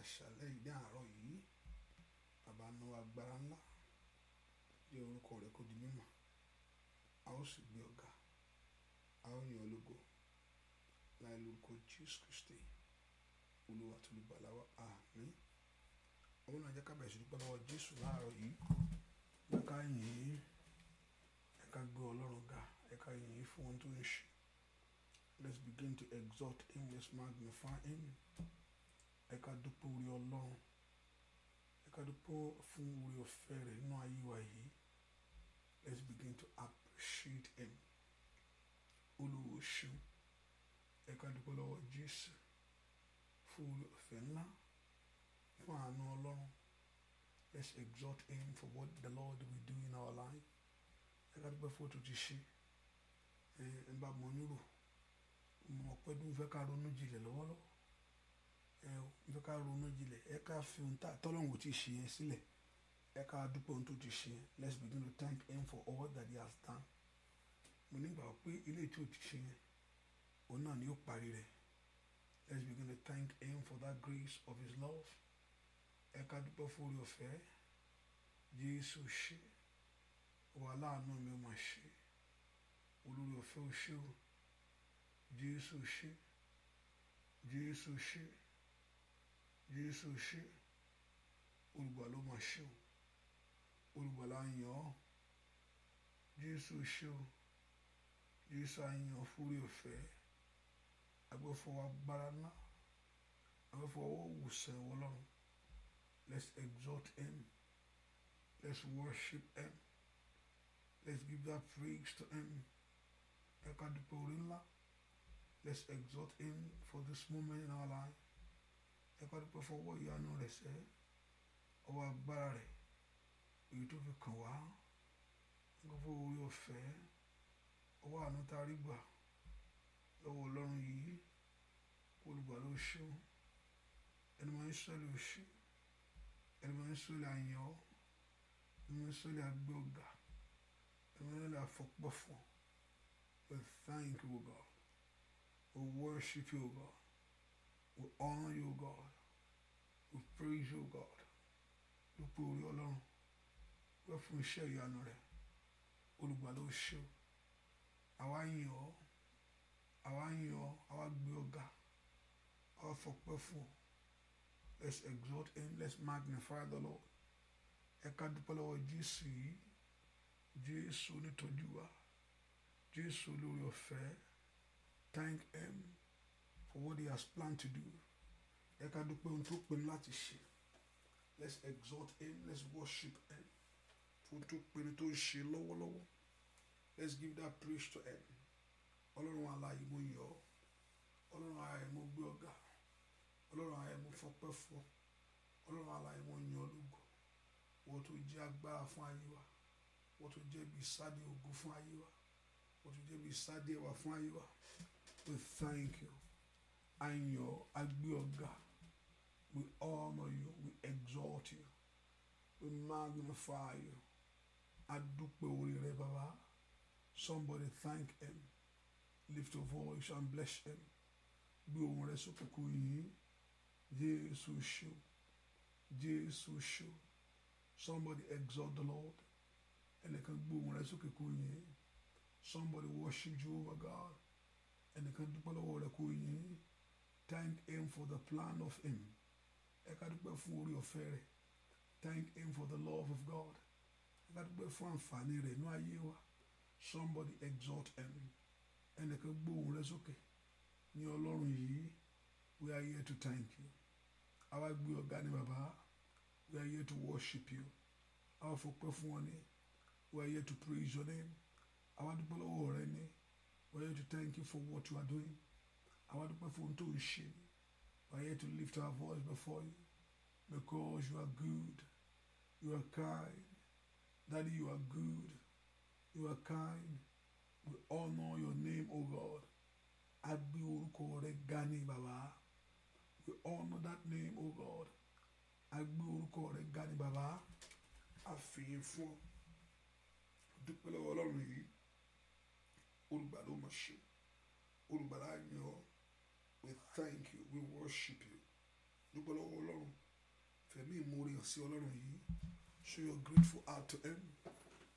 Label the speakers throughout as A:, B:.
A: àṣálẹ́ yìí àárọ̀ yìí bàbá náà agbára ńlá jẹ́ orúkọ rẹ̀ kó di mímọ̀ a ó sì gbé ọ̀gá a ó yan ológo láì lórúkọ Jésù Kristi olúwa tó lè gbà láwa àmín àwọn náà jẹ́ bẹ̀rẹ̀ sí dúpẹ́ lọ́wọ́ Jésù láàárọ̀ yìí ẹ ká yìn gbé Ọlọ́run ga ẹ ká fún ohun tó ń ṣe let's begin to exalt him let's magnify him ẹ ká dúpẹ́ orí ọlọ́run ẹ ká dúpẹ́ fún orí ọ̀fẹ́ rẹ̀ nínú ayé wa yìí let's begin to appreciate him olówó ṣeun ẹ ká dúpẹ́ lọ́wọ́ jésù fún orí ọ̀fẹ́ ńlá fún àánú ọlọ́run let's exalt him for what the lord will do in our life ẹ ká dúpẹ́ fún òtútù ṣe ẹ ń bá mọ́ nírò mọ̀ pẹ́ dùn fẹ́ ká ronú jinlẹ̀ lọ́wọ́lọ́wọ́ ẹ ìfẹ́ ká ronú jinlẹ̀ ẹ ká fi ohun tá tọ́lọ́run ò ti ṣe yẹn sílẹ̀ ẹ ká dúpẹ́ ohun tó ti ṣe yẹn let's begin to thank him for all that he has done mo nígbà pé ilé tí ò ti ṣe yẹn òun náà ni ó parí rẹ̀ let's begin to thank him for that grace of his love ẹ ká dúpẹ́ fún orí ọ̀fẹ́ Jésù ṣe wà láàánú mi mà ṣe olórí ọ̀fẹ́ ò ṣe o Jésù ṣe Jésù ṣe. Jésù ṣe olùgbàlà ló máa ṣe o olùgbàlà á yàn ọ́ Jésù ṣe o Jésù á yàn ọ́ fúrí ọ̀fẹ́ agbẹ́fọwọ́ agbára ńlá agbẹ́fọwọ́ òwòsàn ẹ̀wọ̀ lọ́run let's exalt him let's worship him let's give that praise to him ẹ̀ka dùpẹ̀ orí ńlá let's exalt him for this moment in our life ẹ ká dúpẹ́ fọwọ́ ìyanu rẹ̀ sẹ́ ọwọ́ agbára rẹ̀ èyí tó fi kàn wá gbogbo orí ọ̀fẹ́ ọwọ́ àánú tá a rí gbà lọ́wọ́ ọlọ́run yìí olùgbà ló ṣó ẹni máa ń sọ́lẹ̀ oṣù ẹni máa ń sọ́lẹ̀ àyàn ẹni máa ń sọ́lẹ̀ àgbẹ̀ ọ̀gá ẹni máa ń sọ́lẹ̀ àfọ̀pọ̀fọ̀ we thank you o God we worship you o God. We honor you, God. We praise you, God. Lópin orí Ọlọ́run, wẹ́ fún iṣẹ́ ìyanu rẹ̀. Olùgbà ló ṣe o. Àwa yìn ọ́, àwa yìn ọ́, àwa gbé ọ ga, àwa fọpẹ́ fún ọ. Let's exalt him, let's magnify the Lord. Ẹ ká dúpẹ́ lọ́wọ́ Jésù yìí, Jésù onítọ́jú wa, Jésù olórí ọ̀fẹ́. Thank him for what He has planned to do. Ẹ dúpẹ́ ohun tó pinnu láti ṣe. Let's exalt Him. Let's worship Him. Fún tó pinnu tó ṣe lọ́wọ́lọ́wọ́. Let's give that praise to Him. Ọlọ́run alààyè mo yọ̀ ọ́. Ọlọ́run alààyè mo gbé ọ̀gá. Ọlọ́run alààyè mo fọpẹ́ fọ́. Ọlọ́run alààyè mo yàn ọ́ Wọ́n tó jẹ́ agbára fún ayé wa. Wọ́n tó jẹ́ bí sáde ògo fún ayé wa. Wọ́n tó jẹ́ bí sáde ẹwà fún ayé wa. We thank you. And Ayan, Agbioga. We honor you. We exalt you. We magnify you. Adúpẹ́ orí rẹ Somebody thank him. Lift your voice and bless him. Gbé ohùn rẹ sókè yìí. Jésù ṣó. Jésù ṣó. Somebody exalt the Lord. Ẹnìkan gbé ohùn rẹ sókè yìí. Somebody worship Jehovah God. Ẹnìkan dúpẹ́ lọ́wọ́ rẹ kó yìí. Thank Him for the plan of Him. Ẹ ká dúpẹ́ fún orí ọ̀fẹ́ rẹ̀. Thank Him for the love of God. Ẹ ká dúpẹ́ fún àǹfààní rẹ̀ inú ayé wa. Somebody exalt Him. Ẹnìkan gbóhùn rẹ sókè. Ní Ọlọ́run yìí, we are here to thank you. Àwa gbé ọ̀gá ni bàbá. We are here to worship you. Àwa fọpẹ́ fún ọ ní. We are here to praise your name. Àwa dúpẹ́ lọ́wọ́ rẹ ní. We are here to thank you for what you are doing àwa dúpẹ́ fún tó ń ṣe we are here to lift our voice before you because you are good you are kind That you are good you are kind we all know your name o God a gbé orúkọ rẹ ga ní bàbá that name o God a gbé orúkọ rẹ a fìyìn fún ọ dúpẹ́ lọ́wọ́ ọlọ́run yìí olùgbàlà mọ̀ ṣe olùgbàlà yàn ọ́ thank you we worship you dúpẹ́ lọ́wọ́ ọlọ́run fẹ̀mí ìmoore hàn sí ọlọ́run yìí show your grateful heart to him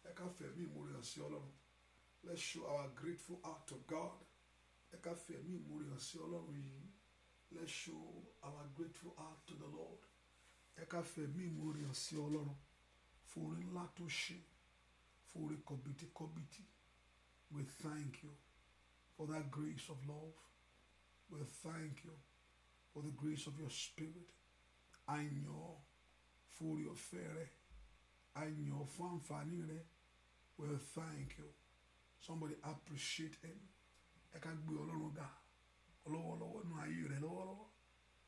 A: ẹ ká fẹ̀mí ìmoore hàn sí ọlọ́run let's show our grateful heart to God ẹ ká fẹ̀mí ìmoore hàn sí ọlọ́run yìí let's show our grateful heart to the Lord ẹ ká fẹ̀mí ìmoore hàn sí ọlọ́run fún oore ńlá tó ṣe fún oore kọ̀bìtìkọ̀bìtì we thank you for that grace of love We thank you for the grace of your spirit. I know for your ọ̀fẹ́ I know yàn fún àǹfààní rẹ. thank you. Somebody appreciate him. Ẹ ká gbé Alone, ga lọ́wọ́lọ́wọ́ nínú ayé rẹ lọ́wọ́lọ́wọ́.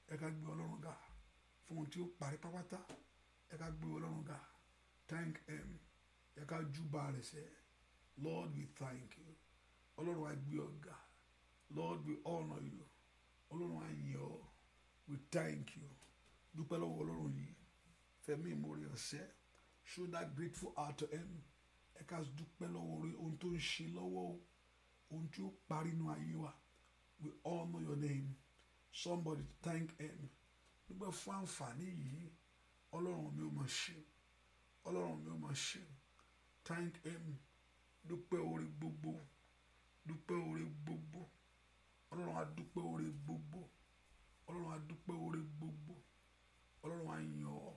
A: Ẹ ká gbé Ọlọ́run ga fún ohun tí ó parí pápátá. Ẹ ká gbé Ọlọ́run ga. Thank him. Ẹ ká júbà rẹ̀ sẹ́. Lord, we thank you. Ọlọ́run wa gbé ọ ga. Lord, we honor you ọlọ́run ayé we thank you dúpẹ́ lọ́wọ́ ọlọ́run yìí fẹ̀mí ìmúre ọ̀sẹ́ show that grateful heart to him ẹ ká dúpẹ́ lọ́wọ́ orí ohun tó ń ṣe lọ́wọ́ ohun tí ó parí inú ayé wa we all know your name somebody thank him dúpẹ́ fún àǹfààní yìí ọlọ́run mi ò mọ̀ ṣe ọlọ́run mi ò mọ̀ ṣe thank him dúpẹ́ orí gbogbo dúpẹ́ orí gbogbo ọlọ́run á dúpẹ́ oore gbogbo ọlọ́run á dúpẹ́ oore gbogbo ọlọ́run á yàn ọ́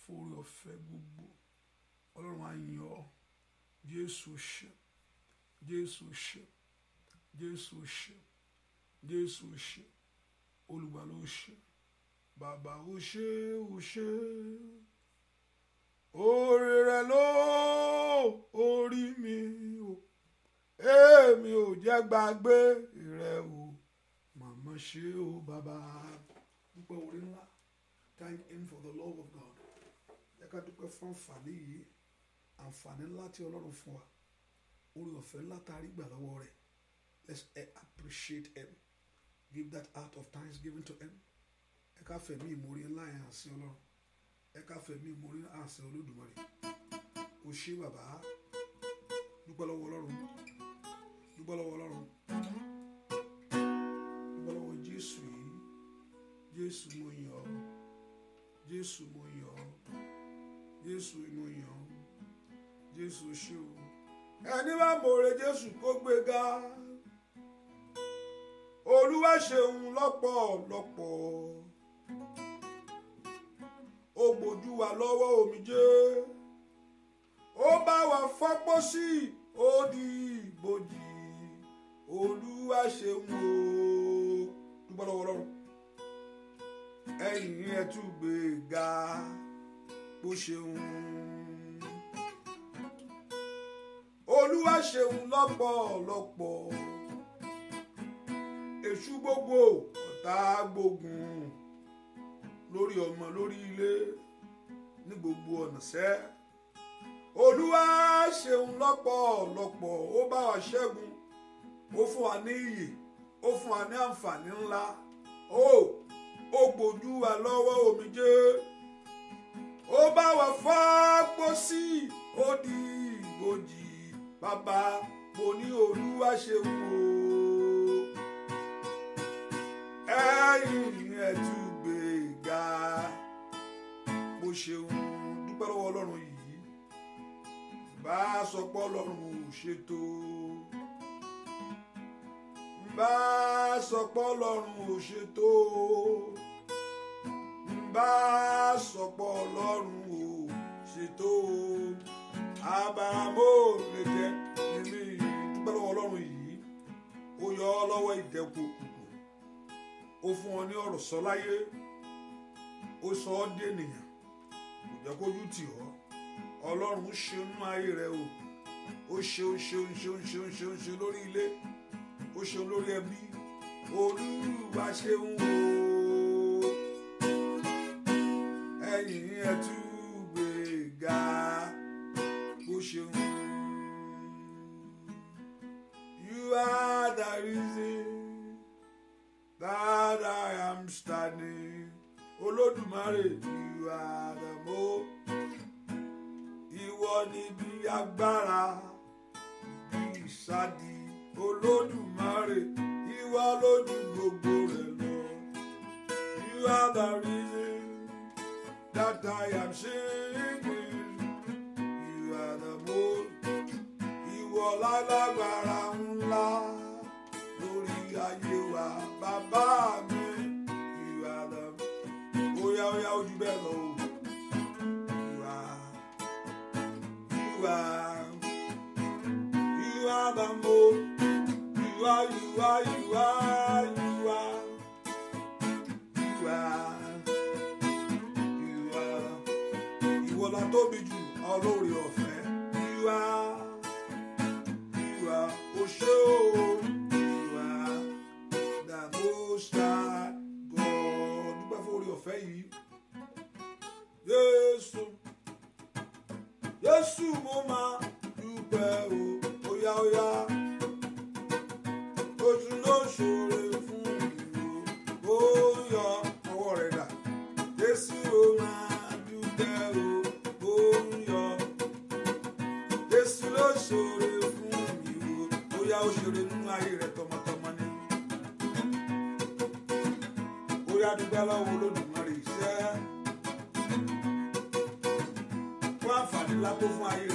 A: fún oore ọ̀fẹ́ gbogbo ọlọ́run á yàn ọ́ jésù ṣe jésù ṣe jésù ṣe jésù ṣe olùgbà ló ṣe bàbá ó ṣe ó ṣe oore rẹ ló orí mi o èmi ò jẹ́ gbàgbé rẹ o màmá ṣe o bàbá. dúpẹ́ orí ńlá thank him for the love of God ẹ ká dúpẹ́ fún àǹfààní yìí àǹfààní ńlá tí ọlọ́run fún wa orí ọ̀fẹ́ ńlá tá rí gbà lọ́wọ́ rẹ̀ let's eh, appreciate him give that out of times given to him ẹ ká fẹ̀mí ìmoore ńlá yẹn hàn sí ọlọ́run ẹ ká fẹ̀mí ìmoore hàn sí olódùmarè o ṣé bàbá dúpẹ́ lọ́wọ́ ọlọ́run dúpẹ́ lọ́wọ́ ọlọ́run dúpẹ́ lọ́wọ́ jésù yìí jésù mo yàn ọ́ jésù mo yàn ọ́ jésù mo yàn ọ́ jésù ṣé o ẹni bá mòore jésù kó gbéga olúwa ṣeun lọ́pọ̀lọpọ̀ ó gbójú wa lọ́wọ́ omijé ó bá wa fọ́pọ́ sí i ó di ibojì olúwa ṣeun o ń bọ́ lọ́wọ́ ọlọ́run ẹ̀yìn ẹ̀ tún gbé ga bó ṣeun olúwa ṣeun lọ́pọ̀lọpọ̀ èṣù gbogbo ọ̀tá gbógun lórí ọmọ lórí ilé ní gbogbo ọ̀nà sẹ́ olúwa ṣeun lọ́pọ̀lọpọ̀ ó bá wa ṣẹ́gun ó fún wa ní iyì ó fún wa ní àǹfààní ńlá ó ó gbójú wa lọ́wọ́ omijé ó bá wa fá pósí ó di ìgbòjì bàbá mo ní olúwa ṣe wò ó ẹ̀yìn ẹ̀túgbè ga mo ṣeun dúpẹ́ lọ́wọ́ ọlọ́run yìí bá a sọ pé ọlọ́run ò ṣètò bá sọ pé ọlọ́run ò ṣe tó bá sọ pé ọlọ́run ò ṣe tó abàmó rẹ̀kẹ́ nínú ìdúpẹ́ lọ́wọ́ ọlọ́run yìí ó yọ ọ́ lọ́wọ́ ìdẹ́kun òkùnkùn ó fún ọ ní ọ̀rọ̀ sọ láyé ó sọ ọ́ dènìyàn kò jẹ́ kójú tì ọ́ ọlọ́run ṣe nínú ayé rẹ o ó ṣe ó ṣe ó ṣe ó ṣe ó ṣe lórí ilé ó ṣeun lórí ẹbí olúwa ṣeun o ẹ̀yin ẹtúgbèga ó ṣeun. You are the reason that I am standing. Olódùmarè you are the mo. Ìwọ ni bí agbára bí ìsádi. That's the reason that I am singing. You are the moon, ìwọ lálágbára ńlá lórí ayé wa bàbá You are the oya oya ojú bẹ́ẹ̀ lọ o. You are, you are, you are the moon. You are, you are, you are. You are. tóbi jù olóore ọ̀fẹ́ ìwà ìwà oṣó ìwà dàgbòṣà God dúpẹ́ fún oore ọ̀fẹ́ yìí Jésù Jésù mo máa dúpẹ́ o óyá óyá oṣù lóṣù rẹ̀. dúpẹ́ lọ́wọ́ Olódùmarè iṣẹ́ fún àǹfààní ńlá tó fún ayé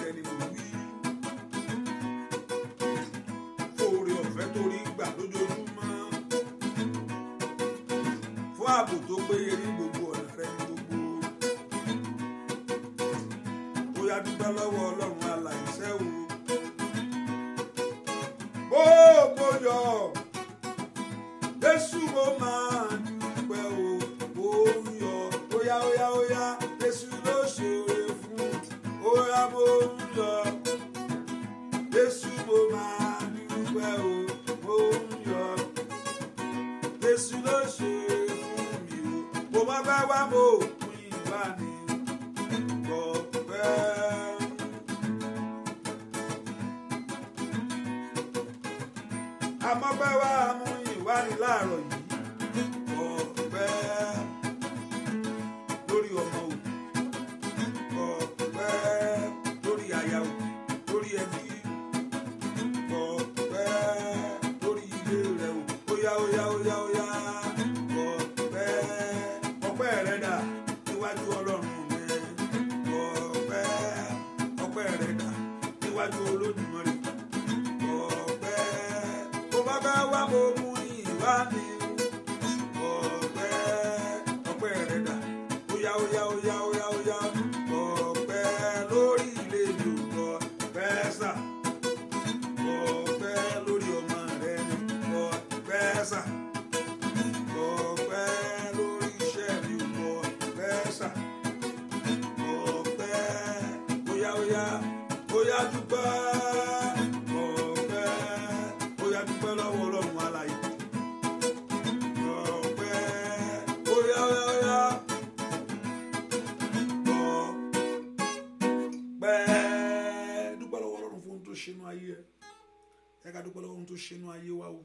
A: ká dúpẹ́ lọ́wọ́ ohun tó ṣe inú ayé wa o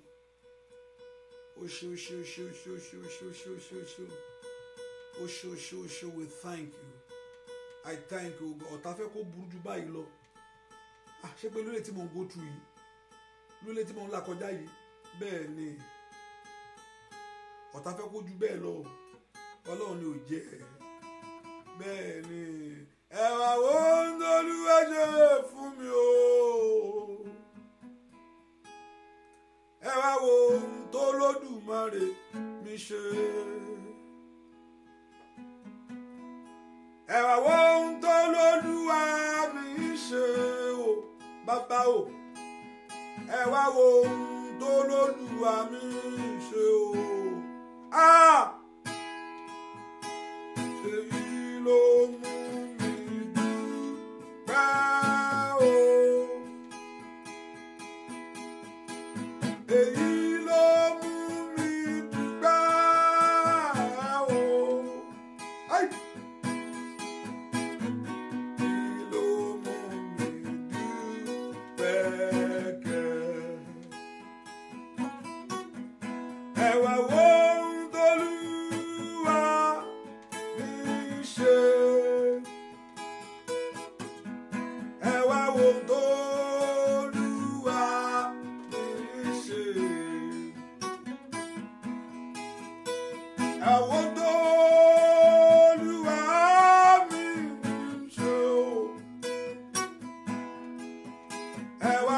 A: o ṣe o ṣe o ṣe o ṣe o ṣe o ṣe o ṣe o ṣe o ṣe o ṣe o ṣe o ṣe we thank you I thank you ọ̀tá fẹ́ kó burú ju báyìí lọ ah ṣé pé lóore tí mò ń go through yìí lóore tí mò ń là kọjá yìí bẹ́ẹ̀ ni ọ̀tá fẹ́ kó ju bẹ́ẹ̀ lọ ọlọ́run ni ò jẹ́ bẹ́ẹ̀ ni ẹ wá wo ń dolú ẹ̀jẹ̀ fún mi o ẹ wá wo ohun tó lódùmarè mi ṣe. ẹ wá wo ohun tó lódùwà mi ṣe o bàbá o ẹ wá wo ohun tó lódùwà mi ṣe o. Ah! Èyí ló mú. How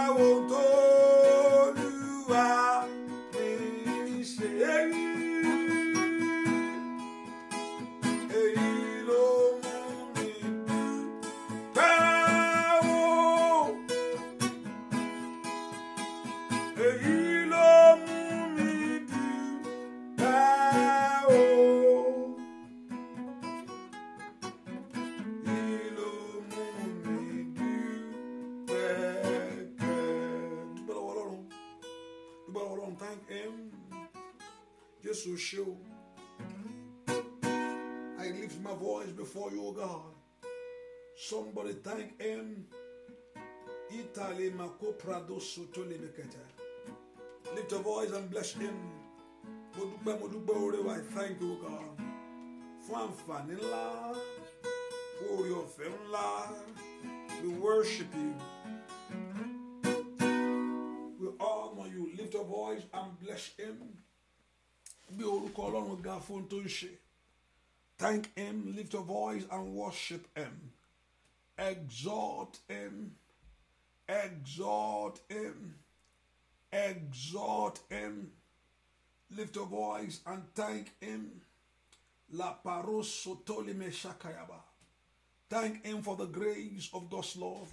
A: God. Somebody thank Him. Italy Makoprado Soto Lift your voice and bless Him. Mo dúpẹ́ mo I thank you God. Fún àǹfààní ńlá, fún we worship you. We honor you. Lift your voice and bless Him. Bí all Ọlọ́run ga fún tó ń Thank Him, lift your voice and worship Him. Exalt Him, exalt Him, exalt Him. Lift your voice and thank Him. La parosotolime shakayaba. Thank Him for the grace of God's love.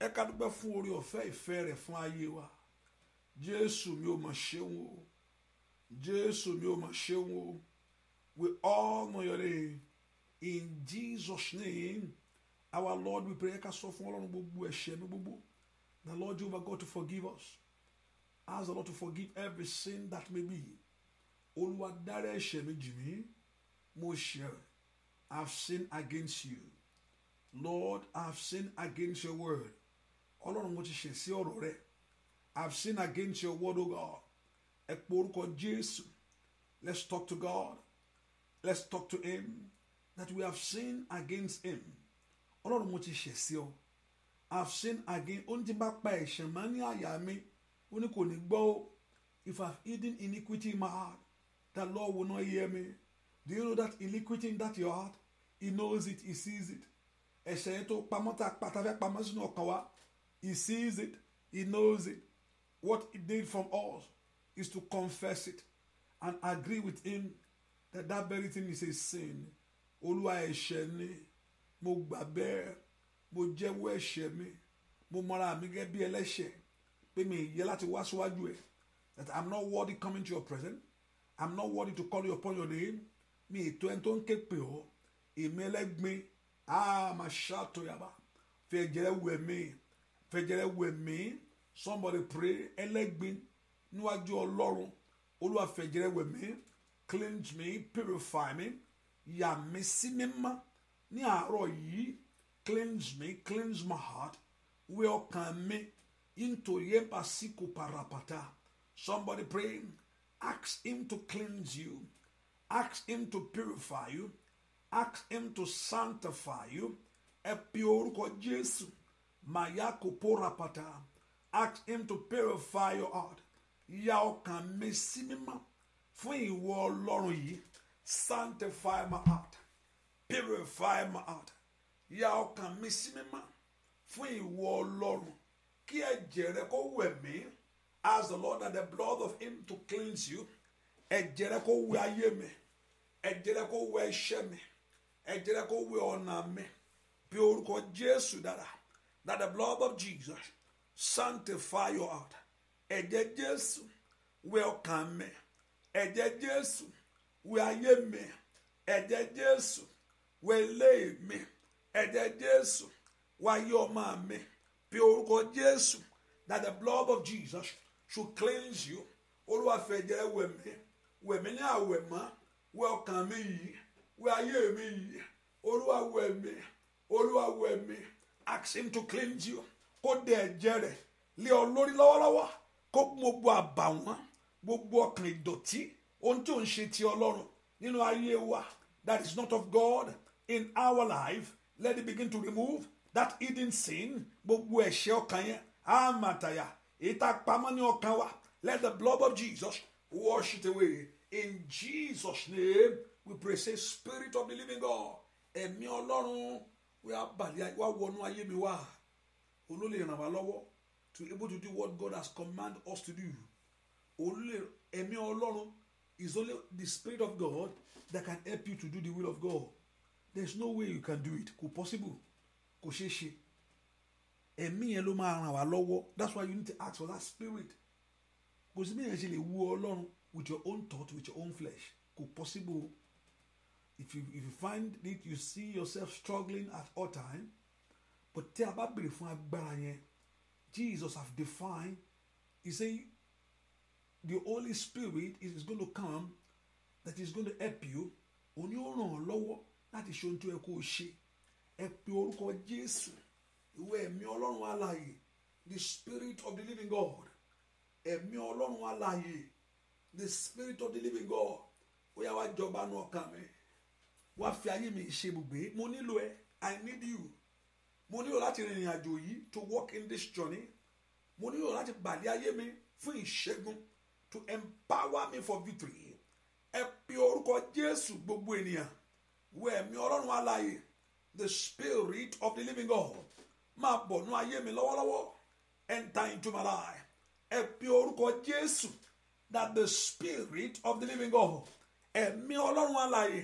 A: Ẹ before your fún orí ọ̀fẹ́ ìfẹ́ rẹ̀ Jésù mi ò mà ṣeun o. jesu mio o we all know your name. In Jesus' name, our Lord, we pray The Lord Jehovah God to forgive us. Ask the Lord to forgive every sin that may be. Mo i I've sinned against you. Lord, I've sinned against your word. rẹ̀. I've sinned against your word, O God. Jésù. Let's talk to God. let's talk to him that we have sinned against him ọlọ́run mo ti ṣẹ̀ sí ọ i have sinned again ó ní ti bá pa ẹ̀ṣẹ̀ mọ́ ní àyà mi ó ní kò ní gbọ́ if I've hidden iniquity in my heart the lord will not hear me do you know that iniquity in that your heart he knows it he sees it ẹ̀ṣẹ̀ yẹn tó pamọ́ tá a pàtà fẹ́ sínú ọkàn wa he sees it he knows it what he did from us is to confess it and agree with him that very thing is a sin olúwa ẹ̀ṣẹ̀ ni mo gbà bẹ́ẹ̀ mo jẹ́wọ́ ẹ̀ṣẹ̀ mi mo mọra mi gẹ́gẹ́ bí ẹlẹ́ṣẹ̀ pé mi yẹ láti wá síwájú ẹ̀ that i'm not worthy coming to your presence i'm not worthy to call you upon your name mi ètò ẹni tó ń ké pè ọ́ èmi ẹlẹ́gbin ah ma ṣàtò yàrá fẹ̀jẹ̀rẹ̀ wẹ̀ mí fẹ̀jẹ̀rẹ̀ wẹ̀ mí somebody pray ẹlẹ́gbin níwájú ọlọ́run olúwa fẹ̀jẹ̀rẹ̀ wẹ̀ mí cleanse me purify me yà mí sí mímọ́ ní àárọ̀ yìí cleanse me cleanse my heart wẹ ọkàn mi into yẹba síkù parapata somebody pray ask him to cleanse you ask him to purify you ask him to sanctify you ẹ e pe orúkọ Jésù mayako porapata ask him to purify your heart yà ọkàn mi me. mímọ́ fún ìwọ ọlọ́run yìí sanctify my heart purify my heart ya ọkàn mi sí mímọ́ fún ìwọ ọlọ́run kí ẹ̀jẹ̀ rẹ kó wẹ̀ mí ask the lord that the blood of him to cleanse you ẹ̀jẹ̀ rẹ kó wẹ̀ ayé mi ẹ̀jẹ̀ rẹ kó wẹ̀ iṣẹ́ mi ẹ̀jẹ̀ rẹ kó wẹ̀ ọ̀nà mi bí orúkọ jésù dára that the blood of jesus sanctify your heart ẹ̀jẹ̀ jésù wẹ̀ ọkàn mi ẹ̀jẹ̀ jésù wẹ ayé mi ẹ̀jẹ̀ jésù wẹ ilé mi ẹ̀jẹ̀ jésù wẹ ayé ọmọ mi bí orúkọ jésù that the blood of jesus should cleanse you olúwa fẹ̀jẹ̀ wẹ̀ mí wẹ̀ mí ní àwẹ̀ mọ́ wẹ̀ ọkàn mi yìí wẹ̀ ayé mi yìí olúwa wẹ̀ mí olúwa ask him to cleanse you kó dẹ̀ ẹ̀jẹ̀ rẹ̀ lé ọ lórí lọ́wọ́lọ́wọ́ kó gbogbo àbàwọ́n gbogbo ọkàn ìdọ̀tí ohun tí ò ń ṣe ti ọlọ́run nínú ayé wa that is not of God in our life let it begin to remove that hidden sin gbogbo ẹ̀ṣẹ̀ ọkàn yẹn àmàtàyà ìta pamọ́ ní ọkàn wa let the blood of Jesus wash it away in Jesus name we pray say spirit of the living God ẹ̀mí ọlọ́run wá wọnú ayé mi wá olólè ràn wá lọ́wọ́ to able to do what God has command us to do. Only ẹ̀mí ọlọ́run is only the spirit of God that can help you to do the will of God there is no way you can do it kò possible kò ṣeé ṣe ẹ̀mí yẹn ló máa ràn wá lọ́wọ́ that's why you need to ask for that spirit kò sí bí yẹn ṣe lè wú ọlọ́run with your own thought with your own flesh kò possible if you if you find it you see yourself struggling at all time but tí a bá béèrè fún agbára yẹn Jesus have defined he say the holy spirit is going to come that is going to help you òun yóò ràn ọ́ lọ́wọ́ láti ṣe ohun tó yẹ kó o ṣe ẹ pe orúkọ jésù ìwé ẹ̀mí ọlọ́run alààyè the spirit of the living god ẹ̀mí ọlọ́run alààyè the spirit of the living god ó yá wá jọba nu ọkàn mi wá fi ayé mi ṣe ibùgbé mo nílò ẹ i need you mo nílò láti rìnrìn àjò yìí to walk in this journey mo nílò láti gbàlẹ́ ayé mi fún ìṣẹ́gun to empower me for victory ẹ pe orúkọ jésù gbogbo ènìyàn wọ ẹ̀mí ọlọ́run alààyè the spirit of the living god máa bọ̀ nú ayé mi lọ́wọ́lọ́wọ́ enter into my life ẹ pe orúkọ jésù that the spirit of the living god ẹ̀mí ọlọ́run alààyè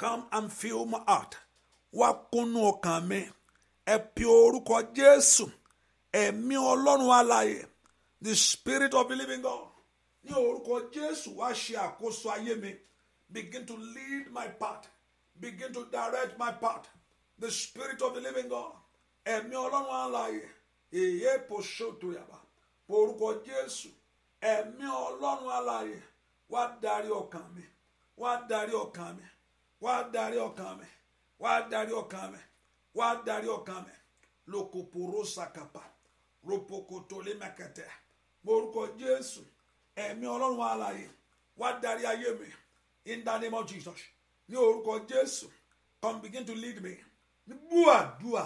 A: come and fill my heart wá kúnnú ọkàn mi ẹ pe orúkọ jésù ẹ̀mí ọlọ́run alààyè the spirit of the living god ní orúkọ jésù wá ṣe àkóso ayé mi begin to lead my path begin to direct my path the spirit of the living god ẹ̀mí ọlọ́run alààyè èyí kò ṣòtò yàrá orúkọ jésù ẹ̀mí ọlọ́run alààyè wá darí ọkàn mi wá darí ọkàn mi wá darí ọkàn mi wá darí ọkàn mi wá darí ọkàn mi lokoporo sakapa ropokotolemẹkẹtẹ orúkọ jésù. ẹ̀mí ọlọ́run alààyè wá darí ayé mi in the name of Jesus ní orúkọ come begin to lead me ní a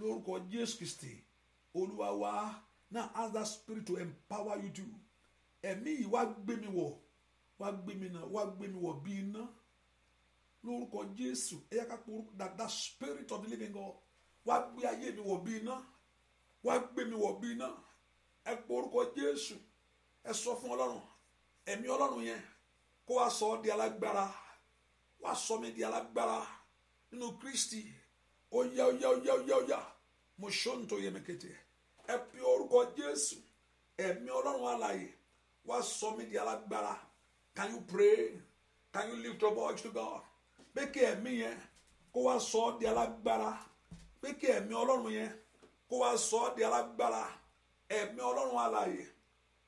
A: lórúkọ Jésù Kristi olúwa now ask that spirit to empower you too ẹ̀mí yìí wá gbé mi wọ̀ wá gbé mi náà wá gbé mi wọ̀ bí iná lórúkọ Jésù that that spirit of the ẹ sọ fún ọlọ́run ẹ̀mí ọlọ́run yẹn kó wá sọ ọ́ di alágbára wá sọ mi di alágbára nínú kristi ó yá ó yá ó yá ó yá ó yá mo ṣó ń tó yẹmẹ kété ẹ pe orúkọ jésù ẹ̀mí ọlọ́run alààyè wá sọ mi di alágbára can you pray can you lift your voice to God pé kí ẹ̀mí yẹn kó wá sọ ọ́ di alágbára pé kí ẹ̀mí ọlọ́run yẹn kó wá sọ ọ́ di alágbára ẹ̀mí ọlọ́run alààyè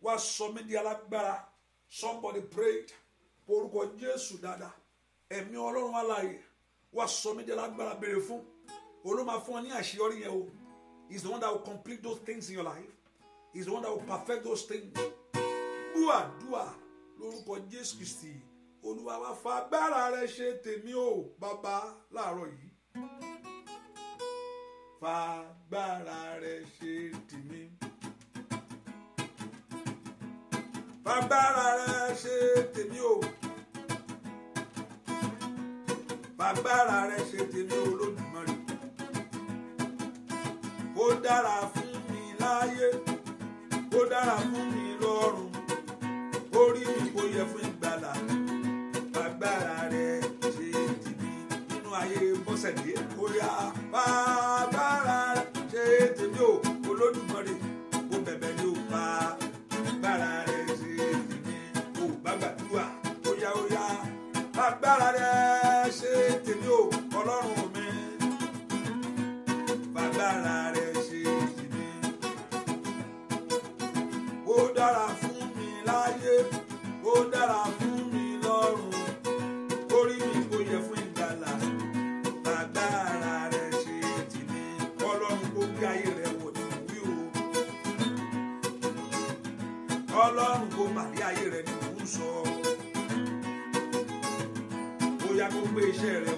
A: wá sọ mí di alágbára somebody prayed orúkọ jésù dáadáa ẹ̀mí ọlọ́run alààyè wá sọ mí di alágbára béèrè fún olóma fún ọ ní àṣeyọrí yẹn o is the one that will complete those things in your life is the one that will perfect those things dua, dúà lórúkọ jésù kristi olúwa wá fa agbára rẹ ṣe tèmi o bàbá láàárọ̀ yìí fa agbára rẹ ṣe tèmi. máa bára rẹ ṣe tèmi o máa bára rẹ ṣe tèmi o Olódùmarè ó dára fún mi láyé ó dára fún mi lọ́run ó rí mi kó yẹ fún ìgbàlà máa bára rẹ ṣe tèmi nínú ayé bọ́sẹ̀dé ó yá bàbá. ọlọ́run kò pàdé ayé rẹ ní ìwúsọ bóyá kó gbé iṣẹ́ rẹ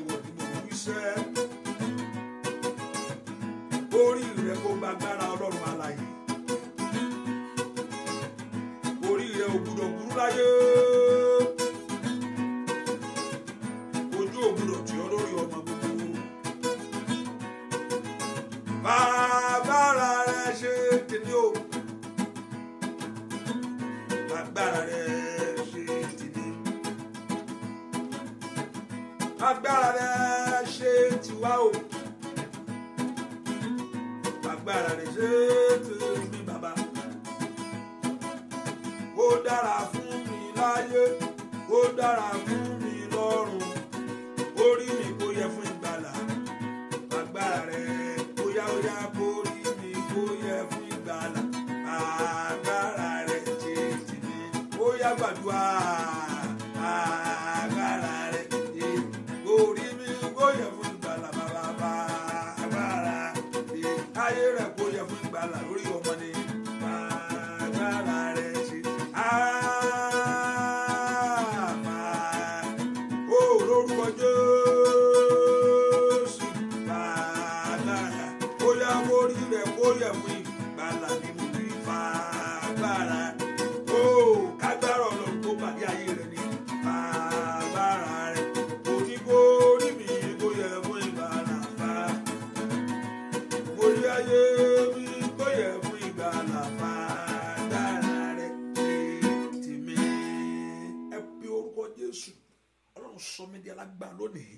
A: sọ mí di alágbára lónìí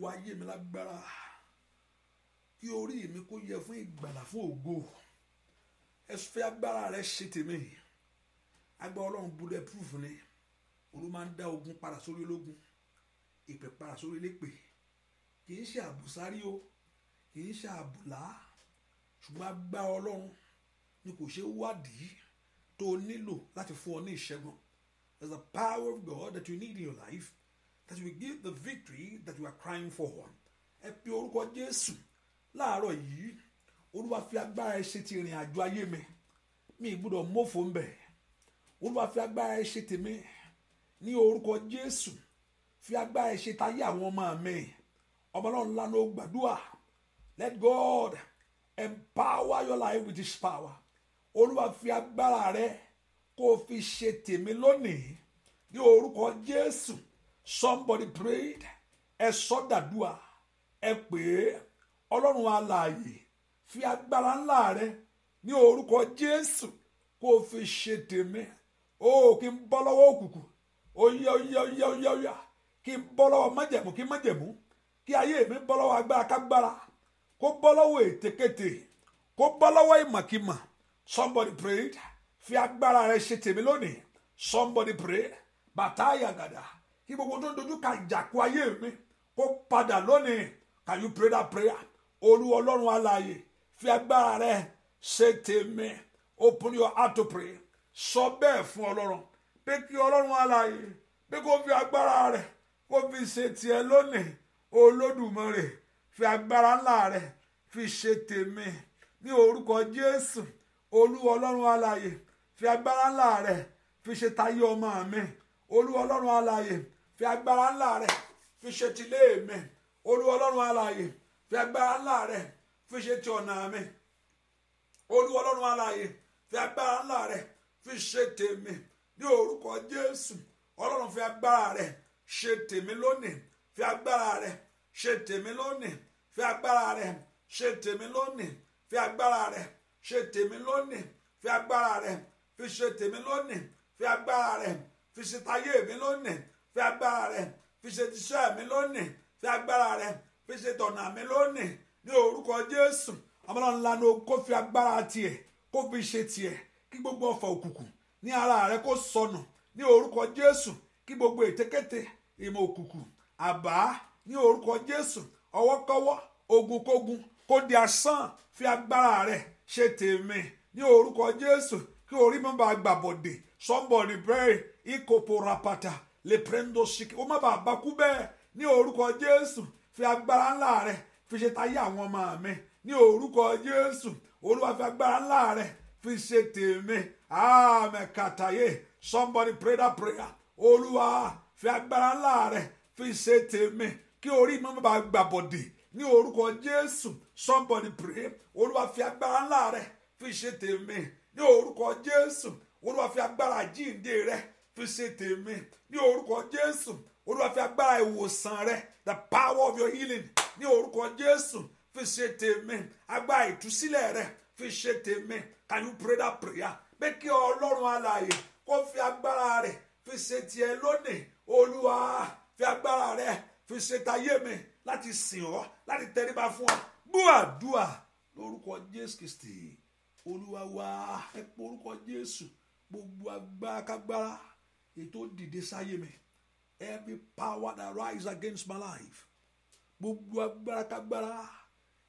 A: wá ayé mi lágbára kí orí mi kó yẹ fún ìgbàlà fún ògo ẹ fẹ́ agbára rẹ ṣe tèmi agbára ọlọ́run bulẹ̀ púrúfù ni olú máa ń dá ogun padà sórí ológun ìpè padà sórí elépè kì í ṣe àbùsárí o kì í ṣe àbùlá ṣùgbọ́n agbára ọlọ́run ni kò ṣe wádìí tó nílò láti fún ọ ní ìṣẹ́gun there's a power of God that you need in your life that you will give the victory that you are crying for ẹ pe orúkọ Jésù láàárọ̀ yìí olúwa fi agbára ẹ ṣe ti ìrìn àjò ayé mi mi gbọ́dọ̀ mọfò ń bẹ olúwa fi agbára ẹ ṣe tèmi ní orúkọ Jésù fi agbára ẹ ṣe tayé àwọn ọmọ mi ọmọ náà ńlá ló gbàdúrà let God empower your life with his power olúwa fi agbára rẹ kó o fi ṣe tèmi lónìí ní orúkọ Jésù. somebody prayed ẹ sọ dàdúà ẹ pè é ọlọ́run alààyè fi agbára ńlá rẹ ní orúkọ jésù kó o fi ṣe tèmi o kí n bọ́ lọ́wọ́ òkùnkùn oyá oyá oyá oyá oyá kí n bọ́ lọ́wọ́ májẹ̀mú kí májẹ̀mú kí ayé mi bọ́ lọ́wọ́ agbára kágbára kó bọ́ lọ́wọ́ ètekéte kó bọ́ lọ́wọ́ ìmọ̀kímọ̀ somebody prayed fi agbára rẹ ṣe tèmi lónìí somebody pray bàtà àyàgàdà kí gbogbo tó ń dojú ka ìjàkú ayé mi kó padà lónìí can you pray that prayer olú ọlọ́run alààyè fi agbára rẹ ṣe tèmi open your heart to pray sọ bẹ́ẹ̀ fún ọlọ́run pé kí ọlọ́run alààyè pé kó fi agbára rẹ kó fi ṣe tiẹ̀ lónìí olódùmarè fi agbára ńlá rẹ fi ṣe tèmi ní orúkọ jésù olú ọlọ́run alààyè fi agbára ńlá rẹ fi ṣe tayé ọmọ mi olú ọlọ́run alààyè fi agbára ńlá rẹ fi ṣe ti ilé mi olúwa ọlọ́run alààyè fi agbára ńlá rẹ fi ṣe ti ọ̀nà mi olúwa ọlọ́run alààyè fi agbára ńlá rẹ fi ṣe tèmi ní orúkọ jésù ọlọ́run fi agbára rẹ ṣe tèmi lónìí fi agbára rẹ ṣe tèmi lónìí fi agbára rẹ ṣe tèmi lónìí fi agbára rẹ ṣe tèmi lónìí fi agbára rẹ fi ṣe tèmi lónìí fi agbára rẹ fi ṣe tayé mi lónìí fi agbára rẹ fi ṣe tiṣẹ́ mi lónìí fi agbára rẹ fi ṣe tọ̀nà mi lónìí ní orúkọ Jésù ọmọlọ́run lanu kó fi agbára tiẹ̀ kó fi ṣe tiẹ̀ kí gbogbo ọfà òkùnkùn ní ara rẹ kó sọnù ní orúkọ Jésù kí gbogbo ètékété ìmọ̀ òkùnkùn àbá ní orúkọ Jésù ọwọ́kọ́wọ́ ogunkógun kó di asán fi agbára rẹ ṣe tèmi ní orúkọ Jésù kí orí mọ́ bá gbàbọ̀dè somebody pray ikopora rapata lè prendo ṣìkì ó má bàa bakú bẹ́ẹ̀ ní orúkọ jésù fi agbára ńlá rẹ fi ṣe tayé àwọn ọmọ mi ní orúkọ jésù olúwa fi agbára ńlá rẹ fi ṣe tèmi àmẹ kàtàyè somebody pray that prayer olúwa fi agbára ńlá rẹ fi ṣe tèmi kí orí mi má bàa gbàbọ̀dè ní orúkọ jésù somebody pray olúwa fi agbára ńlá rẹ fi ṣe tèmi ní orúkọ jésù olúwa fi agbára jíǹde rẹ fi ṣe tèmi ní orúkọ jésù olúwa fi agbára ìwòsàn rẹ the power of your healing ní orúkọ jésù fi ṣe tèmi agbára ìtúsílẹ̀ rẹ fi ṣe tèmi can you pray that prayer bẹ́ẹ̀ kí ọlọ́run alààyè kó fi agbára rẹ fi ṣe tiẹ̀ lónìí olúwa fi agbára rẹ fi ṣe tayé mi láti sìn ọ́ láti tẹríba fún ọ gbúàdúà lórúkọ jésù kristi olúwa wá ẹ pé orúkọ jésù gbogbo agbára kágbára ètò dìde sáyé mi every power that rise against my life gbogbo agbára kágbára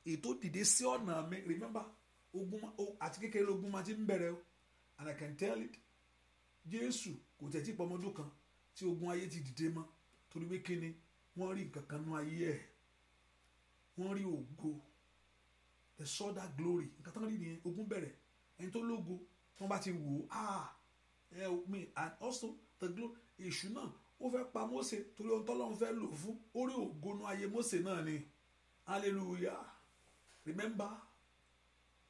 A: ètò dìde sí ọ̀nà mi remember ogun àti kékeré ogun máa ti ń bẹ̀rẹ̀ o and I can tell it Jésù kò tẹ̀ tí pọmọdún kan tí ogun ayé ti dìde mọ́ torí pé kíni wọ́n rí nǹkan kan nú ayé ẹ̀ wọ́n rí ògo they saw that glory nǹkan tán rí nìyẹn ogun bẹ̀rẹ̀ ẹni tó lógo wọ́n bá ti wò ó ah help eh, me and also the glory èṣù náà ó fẹ́ pa Mósè torí ohun tọ́lọ́run fẹ́ lò fún orí ògonú ayé Mósè náà ni hallelujah remember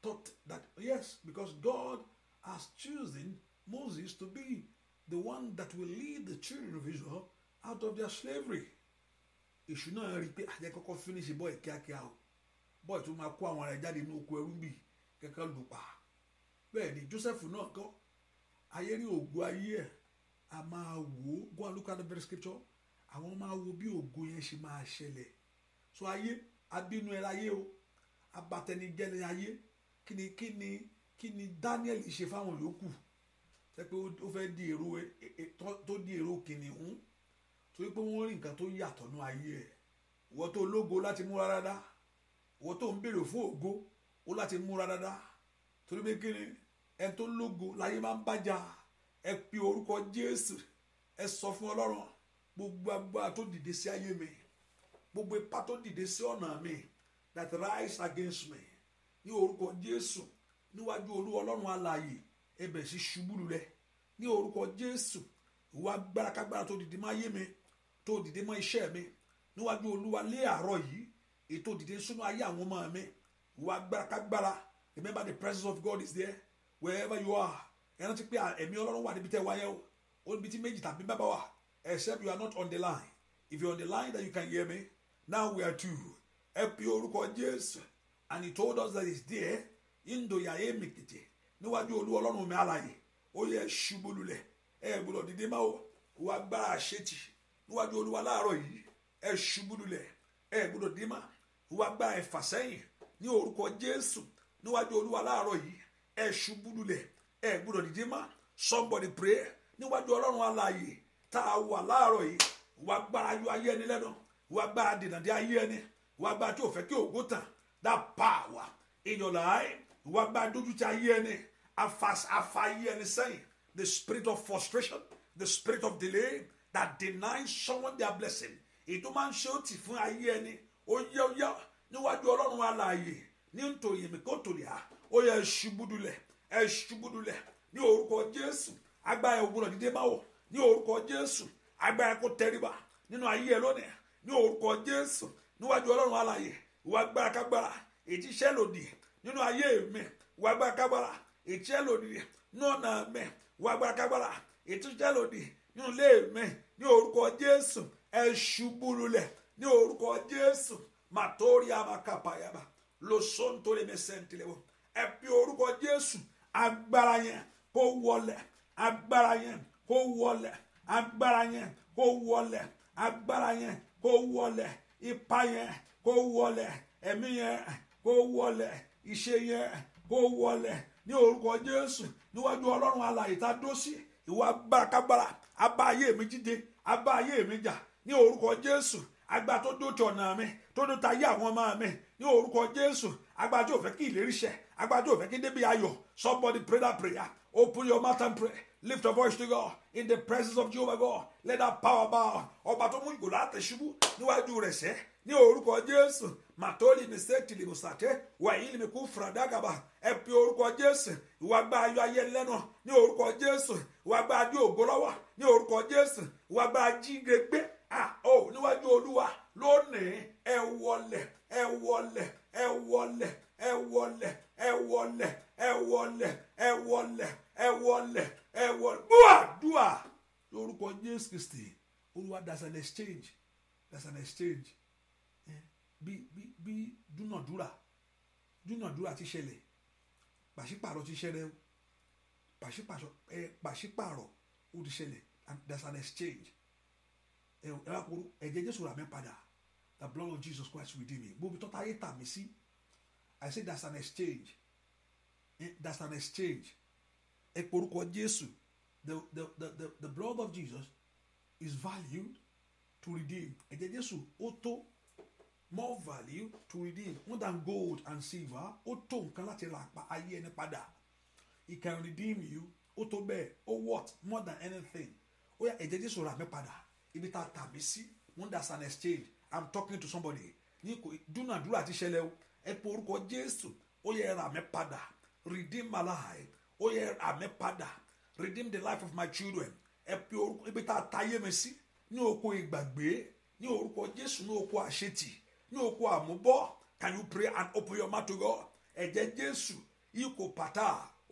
A: thought that yes because God has chosen Moses to be the one that will lead the children of Israel out of their slavery èṣù náà rí i pé àjẹ́ ah, kọ́kọ́ finish boy kíákíá o boy tó máa kó àwọn ará jáde inú oko ẹrú bì kẹ́kẹ́ lù pa bẹ́ẹ̀ ni Joseph náà kọ́ ayé rí ògo ayé ẹ̀ a máa wò ó go and look at the very scripture àwọn máa wo bí ògo yẹn ṣe máa ṣẹlẹ̀ so ayé abínú ẹ láyé o abatẹnijẹni ayé kí ni kí ni kí ni Daniel ṣe fáwọn yòókù ṣe pé ó fẹ́ di èrò e, e, tó di èrò kìnìún torí pé wọ́n rí nǹkan tó yàtọ̀ nú ayé ẹ̀ ìwọ tó lógo láti múra dáadáa ìwọ tó ń béèrè fún ògo ó láti múra dáadáa torí pé kí ni ẹni tó lógo láyé máa ń bájà ẹ pe orúkọ jésù ẹ sọ fún ọlọ́run gbogbo agbára tó dìde sí ayé mi gbogbo ipá tó dìde sí ọ̀nà mi that rise against me ní orúkọ jésù níwájú olúwa ọlọ́run alààyè ẹ bẹ̀ sí ṣubú lulẹ̀ ní orúkọ jésù ìwà agbárakágbára tó dìde má yé mi tó dìde má iṣẹ́ mi níwájú olúwa lé àárọ̀ yìí ètò dìde sínú ayé àwọn ọmọ mi ìwà agbárakágbára remember the presence of God is there wherever you are ẹ rántí pé ẹ̀mí ọlọ́run wà níbi tẹ́ wáyé o ó níbi tí méjì tàbí mẹ́bàá wà except you are not on the line if you are on the line then you can hear me now we are two ẹ pe orúkọ jésù and he told us that he is there ndoya emi kìtì níwájú olú ọlọ́run mi alààyè ó yẹ ṣubú lulẹ̀ ẹ gbọ́dọ̀ dìde máa wọ agbára àṣetì níwájú olúwa láàárọ̀ yìí ẹ ṣubú lulẹ̀ ẹ gbọ́dọ̀ dìde máa wọ agbára ìfàsẹ́yìn ní orúkọ jésù níwájú olúwa láàárọ̀ yìí ẹ ṣubú lulẹ̀ ẹ gbúdọ̀ dìde má somebody pray níwájú ọlọ́run alààyè tá a wà láàárọ̀ yìí wàá gbára yọ ayé ẹni lẹ́nu wàá gbára dènà dé ayé ẹni wàá gbára tí ò fẹ́ kí ògo tàn that power in your life wàá gbára dójú ti ayé ẹni afa ayé ẹni sẹ́yìn the spirit of frustration the spirit of delay that denies someone their blessing ètò máa ń ṣe ó tì fún ayé ẹni ó yẹ ó yẹ níwájú ọlọ́run alààyè ní ntòyèmí kó tòlíà ó yẹ ṣubúdulẹ̀ ẹ ṣubú lulẹ̀ ní orúkọ jésù agbára ògbóná dídé má wọ̀ ní orúkọ jésù agbára kó tẹríba nínú ayé ẹ lónìí ní orúkọ jésù níwájú ọlọ́run alààyè ìwà agbára kágbára lòdì nínú ayé mi ìwà agbára kágbára lòdì nínú ọ̀nà mi ìwà agbára kágbára lòdì nínú ilé mi ní orúkọ jésù ní orúkọ jésù ẹ fi agbára yẹn kó wọlẹ̀ agbára yẹn kó wọlẹ̀ agbára yẹn kó wọlẹ̀ agbára yẹn kó wọlẹ̀ ipa yẹn kó wọlẹ̀ ẹ̀mí yẹn kó wọlẹ̀ iṣẹ́ yẹn kó wọlẹ̀ ní orúkọ Jésù níwájú Ọlọ́run alààyè tá a dó sí ìwà bárakábára abá ayé mi jíde abá ayé mi jà ní orúkọ Jésù agbá tó dó ti ọ̀nà mi tó dó ta yé àwọn ọmọ mi ní orúkọ Jésù agbá tí ò fẹ́ kí ìlérí ṣẹ agbájú òfẹ́ kí débi ayọ̀ somebody pray that prayer open your mouth and pray lift your voice to God in the presence of Jehovah God let that power bow ọba tó mú ìgòlá àtẹ̀ṣubú níwájú rẹ̀ sẹ́ ní orúkọ Jésù màtólì mi sẹ́ẹ̀tì lè mùsàtẹ́ wàyí lè mi kú fúradàgàbà ẹ pe orúkọ Jésù ìwà gba ayọ̀ ayé lẹ́nu ní orúkọ Jésù ìwà gba adé ògo ní orúkọ Jésù ìwà gba ajínigbé ah oh níwájú Olúwa lónìí ẹ wọlẹ̀ ẹ wọlẹ̀ ẹ wọlẹ̀ ẹ wọlẹ̀ ẹ wọlẹ̀ ẹ wọlẹ̀ ẹ wọlẹ̀ ẹ wọlẹ̀ ẹ wọlẹ̀ dùà dùà lórúkọ Jésù Kristi olúwa there's an exchange there's an exchange bí bí bí dúnàdúrà dúnàdúrà ti ṣẹlẹ̀ pàṣípàrọ̀ ti ṣẹlẹ̀ pàṣípàṣọ ẹ pàṣípàrọ̀ ó ti ṣẹlẹ̀ and there's an exchange ẹ ẹ wá kó ẹ̀jẹ̀ Jésù rà mí padà the blood of Jesus Christ redeem me gbogbo tọ́ta ayé tà mí sí. Si I say that's an exchange. Eh, that's an exchange. Ẹ porúkọ The, the, the, the, the blood of Jesus is valued to redeem. Ẹ̀jẹ̀ Jésù ó more value to redeem more than gold and silver ó tó nǹkan láti ra ayé ẹni padà. He can redeem you ó tó bẹ́ẹ̀ ó worth more than anything. Oya, yá ẹ̀jẹ̀ Jésù rà mí padà ibi tá a tà mí sí that's an exchange. I'm talking to somebody. Ní kò dúnàdúrà ti ṣẹlẹ̀ o ẹ pé orúkọ jésù ó yẹ rà mí padà redeem my life ó yẹ rà mí padà redeem the life of my children ẹ pé orúkọ ibi tá a tayé mi sí ní oko ìgbàgbé ní orúkọ jésù ní oko àṣetì ní oko àmúbọ can you pray and open your mouth to God ẹ̀jẹ̀ jésù ikò pàtà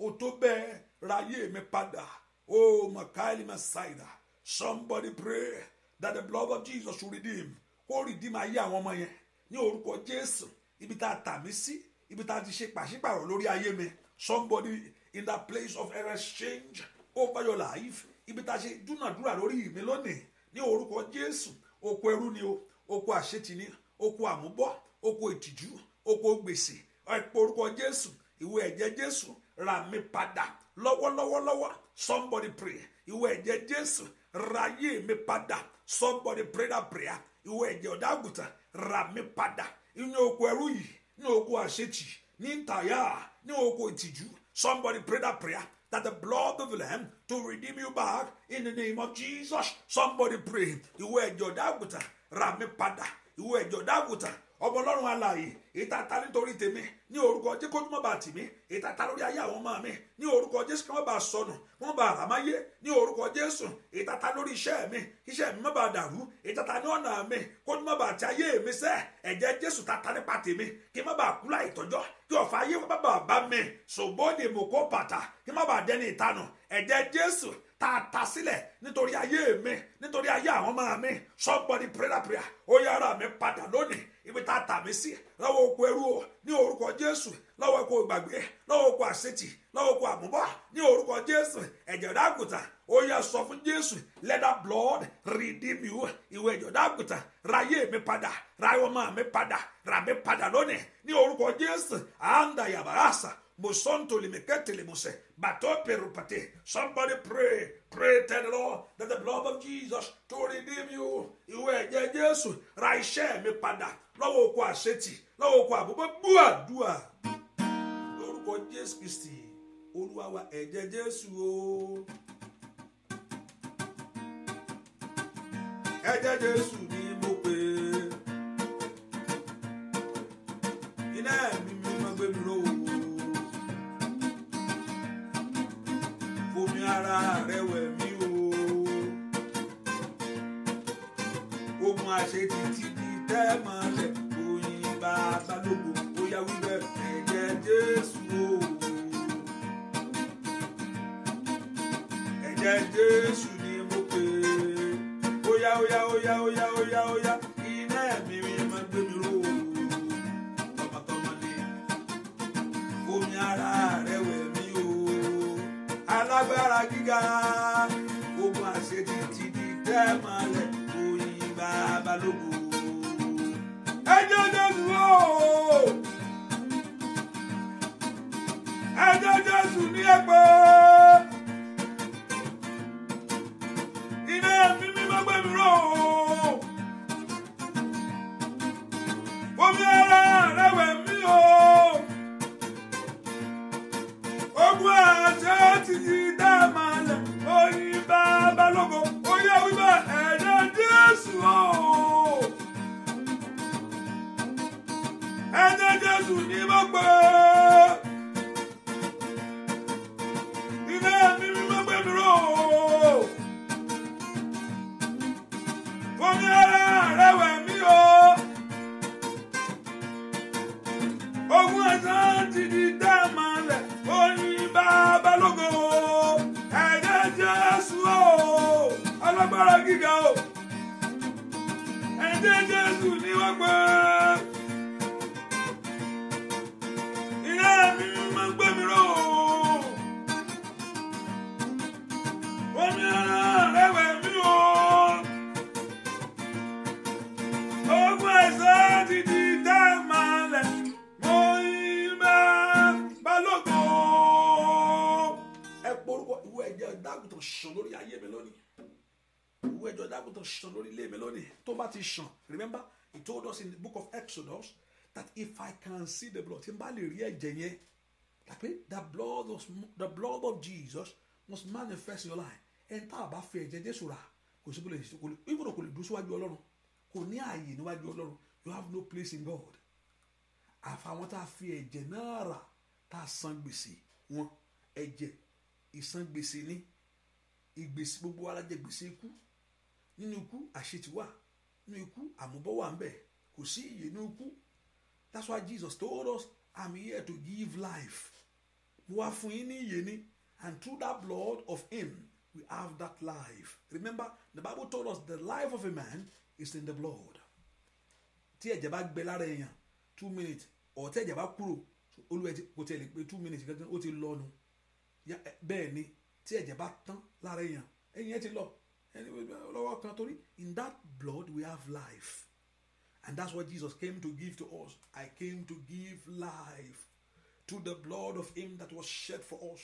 A: o tó ra ráyè mi padà o makaeli masaida somebody pray that the blood of Jesus will redeem kó redeem ayé àwọn ọmọ yẹn ní orúkọ jésù ibi tá a tà mí sí ibi tá a ti ṣe pàṣípàrọ̀ lórí ayé mi somebody in that place of exchange over your life ibi tá a ṣe dúnàdúrà lórí mi lónìí ní orúkọ Jésù oko ẹrú ni o oko àṣetì ni oko àmúbọ oko ìtìjú oko gbèsè ẹpọ orúkọ Jésù ìwé ẹ̀jẹ̀ Jésù rà mí padà lọ́wọ́lọ́wọ́lọ́wọ́ somebody pray ìwé ẹ̀jẹ̀ Jésù rà yé mi padà somebody pray that prayer ìwé ẹ̀jẹ̀ ọ̀dà àgùntàn rà mí padà inú oko ẹrú yìí ní oko àṣetì ní ntàyà ní oko somebody pray that prayer that the blood of the lamb to redeem you back in the name of Jesus somebody pray ìwọ ẹ̀jọ̀ dáàgùtà rà mí padà ìwọ ẹ̀jọ̀ dáàgùtà ọmọ ọlọ́run alààyè ìtata nítorí tèmi ní orúkọ jẹ́ kójú mọ́ bá tì mí ìtata lórí ayé àwọn ọmọ mi ní orúkọ jésù kí wọ́n bá sọnù kí wọ́n bá àmáyé ní orúkọ jésù ìtata lórí iṣẹ́ mi kí iṣẹ́ mi má bá dàrú ìtata ní ọ̀nà mi kójú mọ́ bá ti ayé mi sẹ́ ẹ̀jẹ̀ jésù tata nípa tèmi kí má bá kú láì tọ́jọ́ kí ọ̀fà ayé má bá bá mi ṣùgbọ́n ni mo kó bàtà kí má bá dẹni ìtanù ẹ̀jẹ̀ jésù tata sílẹ̀ nítorí ayé mi nítorí ayé àwọn ọmọ mi somebody pray that prayer ó yára mi padà lónìí ibi tá a tà mí sí lọ́wọ́ oko ẹrú o ní orúkọ jésù lọ́wọ́ oko ìgbàgbé lọ́wọ́ oko àṣetì lọ́wọ́ oko àmúbọ̀ ní orúkọ jésù ẹ̀jẹ̀ ọ̀dàgùtàn ó yá sọ fún jésù let that blood redeem you ìwé ẹ̀jẹ̀ ọ̀dàgùtàn ra ayé mi padà ra ọmọ mi padà ra mi padà lónìí ní orúkọ jésù àǹdà yàrá àṣà mùsọ̀ntòlìmẹ̀kẹ́tìlìmùsẹ̀ bàtọ́ pèrò pàtẹ́ somebody pray Pray, to the Lord, that the blood of Jesus to redeem you. Ìwé ẹ̀jẹ̀ Jésù me iṣẹ́ mi padà lọ́wọ́ oko àṣetì lọ́wọ́ bua dua. gbúàdúà lórúkọ Jesus Kristi Oluwa wa ẹ̀jẹ̀ Jésù o. Ẹ̀jẹ̀ Jésù ni us in the book of Exodus that if I can see the blood tí n bá lè rí blood of the blood of Jesus must manifest in your life ẹni tá a bá Even ẹ̀jẹ̀ Jésù rà kò sí bóle kò lè you have no place in God àfàwọn tá a fi ẹ̀jẹ̀ náà rà tá a san gbèsè wọn ẹ̀jẹ̀ ìsan gbèsè ní ìgbèsè gbogbo alájẹ gbèsè ikú nínú ikú àṣetì nínú ikú àmúbọ̀ ń bẹ̀ẹ́ kò sí ìyè ní ikú that's why Jesus told us I'm here to give life mo wá fún yín ní ìyè ni and through that blood of him we have that life remember the Bible told us the life of a man is in the blood tí ẹ̀jẹ̀ bá gbẹ lára èèyàn two minutes ọ̀tẹ̀ ẹ̀jẹ̀ bá kúrò olú ẹ̀ kò tẹ̀lé pé two minutes gangan ó ti lọ́nu bẹ́ẹ̀ ni tí ẹ̀jẹ̀ bá tán lára èèyàn ẹ̀yìn ẹ̀ ti lọ lọ́wọ́ kan torí in that blood we have life. And that's what Jesus came to give to us. I came to give life to the blood of Him that was shed for us.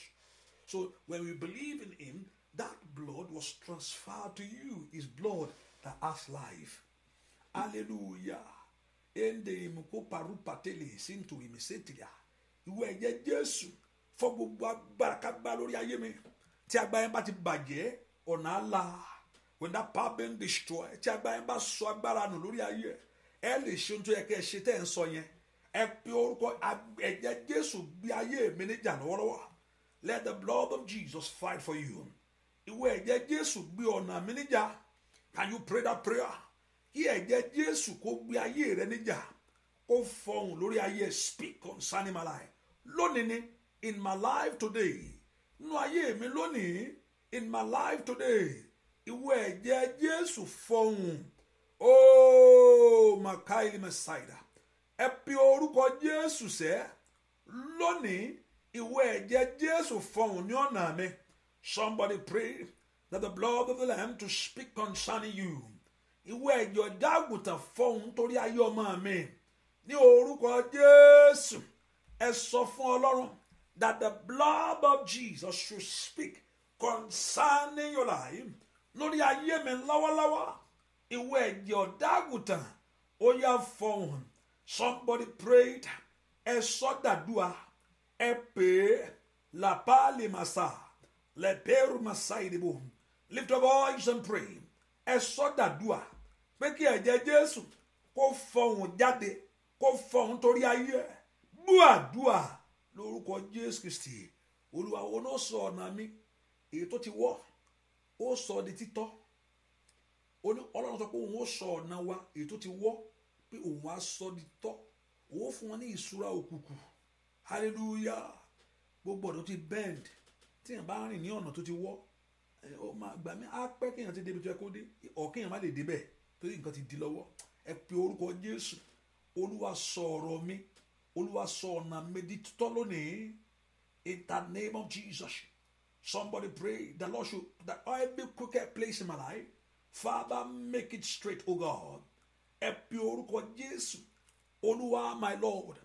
A: So when we believe in Him, that blood was transferred to you. His blood that has life. Hallelujah. Ìwé ẹ̀jẹ̀ Jésù fọ gbogbo agbára kágbá lórí ayé mi. Tí agbára yẹn bá ti bàjẹ́, ọ̀nà àlà. When that power been destroyed, tí agbára yẹn bá sọ agbára nù ẹ lè ṣe ohun tó yẹ kẹ́ ẹ ṣe tẹ́ ẹ ń sọ yẹn ẹ pe orúkọ ẹ̀jẹ̀ Jésù gbé ayé mi níjà lọ́wọ́lọ́wọ́ let the blood of Jesus fight for you ìwọ ẹ̀jẹ̀ Jésù gbé ọ̀nà mi níjà can you pray that prayer kí ẹ̀jẹ̀ Jésù kó gbé ayé rẹ níjà kó fọhùn lórí ayé speak concerning my life lónìí ni in my life today nínú ayé mi lónìí in my life today ìwọ ẹ̀jẹ̀ Jésù fọhùn ó oh, makaili mẹsàìdà ẹ pe orúkọ jésù sẹ́ lónìí ìwé ẹ̀jẹ̀ jésù fọhùn ní ọ̀nà mi somebody pray that the blood of the lamb to speak concerning you ìwé ẹ̀jẹ̀ ọ̀dà àgùntàn fọhùn torí ayé ọmọ mi ní orúkọ jésù ẹ sọ fún ọlọ́run that the blood of jesus should speak concerning your life lórí ayé mi lọ́wọ́lọ́wọ́ ìwọ ẹ̀jẹ̀ ọ̀dá àgùntàn ó yá fọhùn somebody prayed ẹ sọ́dàdúà ẹ pè é làpáàlì màsà lẹ́pẹ́rù màsà ìdìbò lift up all your hand pray ẹ sọ́dàdúà pé kí ẹ̀jẹ̀ Jésù kó fọhùn jáde kó fọhùn torí ayé gbúàdúà lórúkọ Jésù Kristi Olúwa ó ló sọ ọ̀nà mi èyí tó ti wọ́ ó sọ di títọ́. ọlọ́run sọ pé òun ó sọ wa èyí tó ti wọ́ pé òun á sọ di tọ́ òun ó fún wọn ní ìṣúra hallelujah gbogbo ọ̀dọ́ ti bend tí èèyàn bá rìn ní ọ̀nà ti wọ́ ó máa gbà mí á pẹ́ kéèyàn ti débi tó yẹ kó dé ọ̀kéèyàn má lè débẹ̀ ti di lọ́wọ́ ẹ pe orúkọ jésù olúwa sọ ọ̀rọ̀ mi olúwa sọ ọ̀nà mi tọ́ lónìí in the name of jesus somebody pray lord should that Father, make it straight, O God. Ẹ pe orúkọ Jésù, Olúwa, my Lord,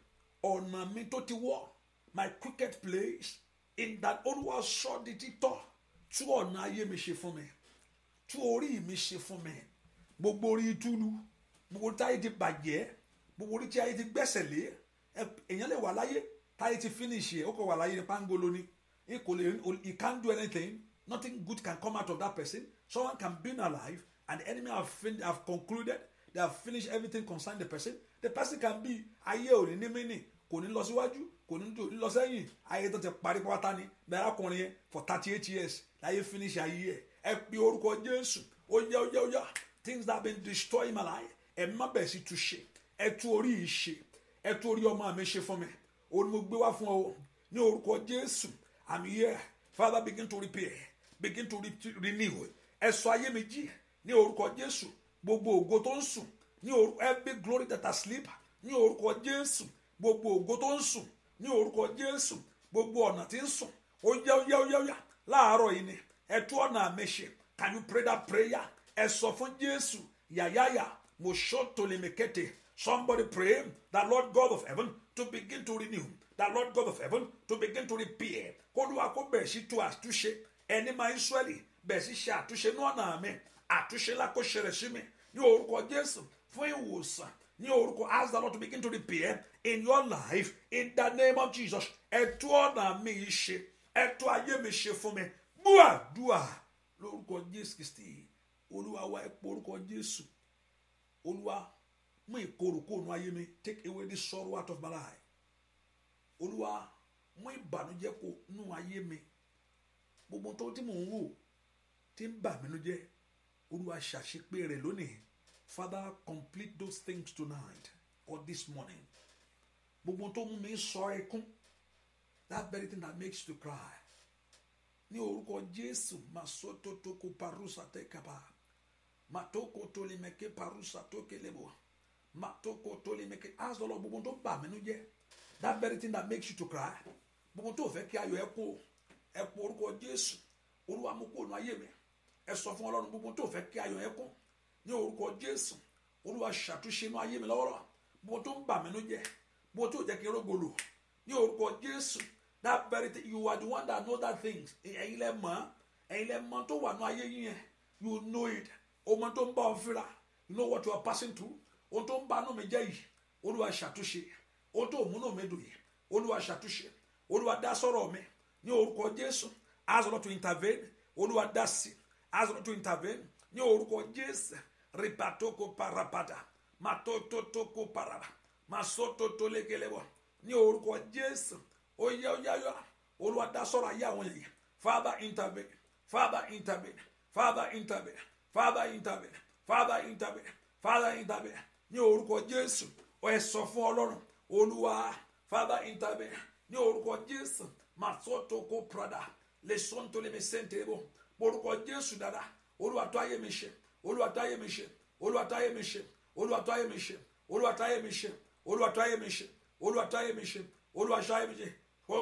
A: ọ̀nà mi tó ti wọ̀, my cricket place, in that Olúwa sọ di títọ́, tú ọ̀nà ayé mi ṣe fún mi, tú orí mi ṣe fún mi, gbogbo orí túlú, gbogbo orí táyé ti bàjẹ́, gbogbo orí tí ayé ti gbẹ́sẹ̀ lé, èèyàn lè wà láyé, táyé ti finish yẹ, ó kọ̀ wà láyé ní pangolo ni, he can do anything, nothing good can come out of that person. Someone can be in alive and the enemy have, fin- have concluded, they have finished everything concerning the person. The person can be ayé ò ní ní mínì kò ní lọ síwájú kò ní lọ sẹ́yìn ayé tó ti parí pátá ni bẹ́ẹ̀ arákùnrin yẹn for thirty eight years láyé finish ayé ẹ̀ ẹ pe orúkọ Jésù ó yá ó things that been destroy my life ẹ má bẹ̀ sí tu ṣe ẹ tú orí yìí ṣe ẹ tú orí ọmọ mi ṣe fún mi orí mo gbé wá fún ọ ní orúkọ Jésù I'm here Father begin to repair begin to renew ẹ sọ ayé mi jí ní orúkọ jésù gbogbo ògo tó ń sùn ní orúkọ every glory that has sleep ní orúkọ jésù gbogbo ògo tó ń sùn ní orúkọ jésù gbogbo ọ̀nà tí ń sùn ó yá ó yá ó yá ó yá láàárọ̀ yìí ni ẹ ọ̀nà àmì can you pray that prayer ẹ sọ fún jésù yàyàyà mo ṣó tolemekete somebody pray that lord god of heaven to begin to renew that lord god of heaven to begin to repair kó ló wá bẹ̀rẹ̀ sí tu àtúnṣe ẹni máa ń sọ́ẹ̀lì bẹ̀ẹ̀ sì ṣe àtúnṣe ní ọ̀nà mi àtúnṣe ńlá kó ṣẹlẹ̀ sí mi ní orúkọ jésù fún ìwòsàn ní orúkọ ask the lord to begin to repair in your life in the name of jesus ẹ tú ọ̀nà mi yìí ṣe ẹ tú ayé mi ṣe fún mi gbúàdúà lórúkọ jésù kristi olúwa wa ẹ pọ orúkọ jésù olúwa mú ìkorò ayé mi take away this sorrow out of my life olúwa mú ìbànújẹ́ kó nu ayé mi gbogbo tó tí mò ń wò tí ń bà mínú jẹ́ olúwa ṣàṣepé rẹ̀ lónìí father complete those things tonight or this morning gbogbo tó mú mi sọ ẹkún that very thing that makes you cry ní orúkọ jésù masototoko parusa tekaba matoko tolimeke parusa tokelebo matoko tolimeke ask the lord gbogbo tó bà mínú jẹ́ that very thing that makes you to cry gbogbo tó fẹ́ kí ayọ̀ ẹ kó ẹ kó orúkọ jésù olúwa mú kó nu ayé mi ẹ sọ fún ọlọ́run gbogbo tó fẹ́ kí ayọ̀ ẹ kún ní orúkọ jésù olúwa ṣàtúnṣe inú ayé mi lọ́wọ́lọ́wọ́ gbogbo tó ń bà mí ló gbogbo tó jẹ́ kí n rógbòlò ní orúkọ jésù that very thing you are the one that know that thing ẹ̀yin lẹ mọ̀ ẹ̀yin lẹ mọ̀ tó wà ní ayé yín yẹn you know it ọmọ tó ń bá ọ fira you know what you are passing through ohun tó ń bá inú mi jẹ́ yìí olúwa ṣàtúnṣe ohun tó múnú mi dùn yìí olúwa ṣàtúnṣe olúwa dá sọ̀rọ̀ mi ní orúkọ jésù ask God to intervene olúwa dá sí i ask God to intervene ní orúkọ Jésù rìpàtókò parapàdà màtótótókò paraba màsótótó lékelebọ ní orúkọ Jésù ó yá ó yá yá Olúwa dá sọ̀rọ̀ ayé àwọn yìí Father intervene Father intervene Father intervene Father intervene Father intervene Father intervene ní orúkọ Jésù ó ẹ e sọ fún Ọlọ́run Olúwa Father intervene ní orúkọ Jésù màsótókò prada lè sọ́ntò lè mi sèǹtẹ̀ bọ̀ porúkọ jésù dáadáa olúwa tó ayé mi ṣe olúwa tó ayé mi ṣe olúwa tó ayé mi ṣe olúwa tó ayé mi ṣe olúwa tó ayé mi ṣe olúwa ayé mi ṣe olúwa ayé mi ṣe olúwa ayé mi ṣe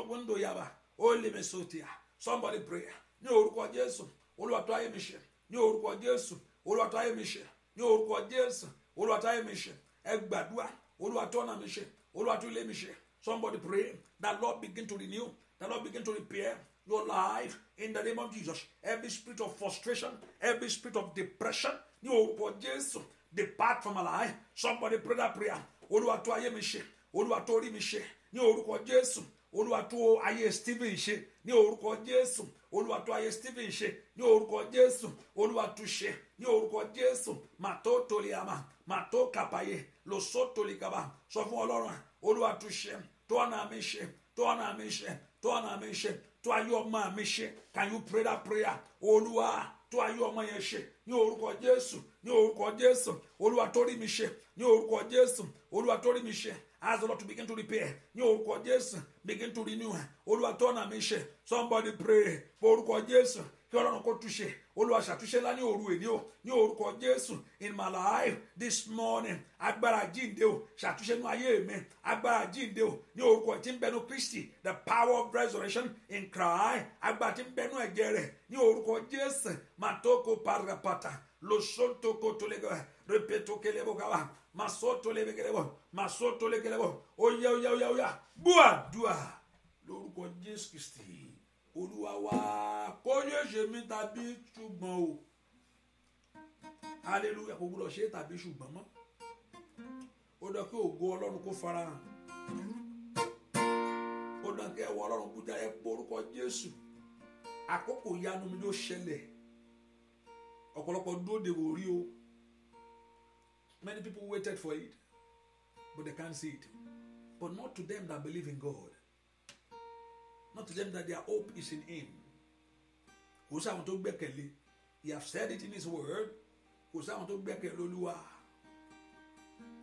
A: wíńdò yaba ó lè mi sòtìyà somebody pray ní orúkọ jésù olúwa tó ayé mi ṣe ní orúkọ jésù olúwa tó ayé mi ṣe ní orúkọ jésù olúwa tó ayé mi ṣe ẹ gbàdúrà olúwa mi ṣe olúwa ilé mi ṣe somebody pray that lord begin to renew that lord begin to repair your life in the name of Jesus. Every spirit of frustration, every spirit of depression, ní orúkọ Jesus depart from my life. Somebody pray that prayer. Olúwa tó ayé mi ṣe, Olúwa tó orí mi ṣe, ní orúkọ Jésù. Olúwa tó ayé Stephen ṣe, ní orúkọ Jésù. Olúwa tó ayé Stephen ṣe, ní orúkọ Jésù. Olúwa tó ṣe, ní orúkọ Jésù. Màtó toliama, màtó kàpáyé, lòsó tolikaba. so fún Ọlọ́run, Olúwa tó ṣe, tó ọ̀nà mi ṣe, tó ọ̀nà mi ṣe, tó ọ̀nà mi ṣe tó ayé ọmọ mi ṣe can you pray that prayer olúwa tó ayé ọmọ yẹn ṣe ní orúkọ jésù ní orúkọ jésù olúwa tó rí mi ṣe ní orúkọ jésù olúwa tó rí mi ṣe ask the Lord to begin to repair ní orúkọ jésù begin to renew olúwa tó ọ̀nà mi ṣe somebody pray orúkọ jésù kí ọlọ́run kó túṣe olúwa ṣàtúnṣe ńlá ní òru èní o ní orúkọ jésù in my life this morning agbára jíǹde o ṣàtúnṣe nínú ayé mi agbára jíǹde o ní orúkọ tí ń bẹnu kristi the power of resurrection in christ agbára tí ń bẹnu ẹ̀jẹ̀ rẹ̀ ní orúkọ jésù màtókò parapata losotoko tolegaba repeto kelebo kaba masoto lebekelebo masoto lekelebo oya oya oya oya bua dua lórúkọ jésù kristi olúwa wa kó yé ṣe mí tàbí ṣùgbọ́n o hallelujah kò gbúdọ̀ ṣe tàbí ṣùgbọ́n mọ́ ó dọ̀ kí ògo ọlọ́run kó farahàn ó dọ̀ kí ẹwọ ọlọ́run kó jáde pé orúkọ jésù àkókò yanu mi ló ṣẹlẹ̀ ọ̀pọ̀lọpọ̀ dúró wò rí o many people waited for it but they can't see it but not to them that believe in God not to them that their hope is in him kò sáwọn tó he have said it in his word kò sáwọn tó gbẹ́kẹ̀lé olúwa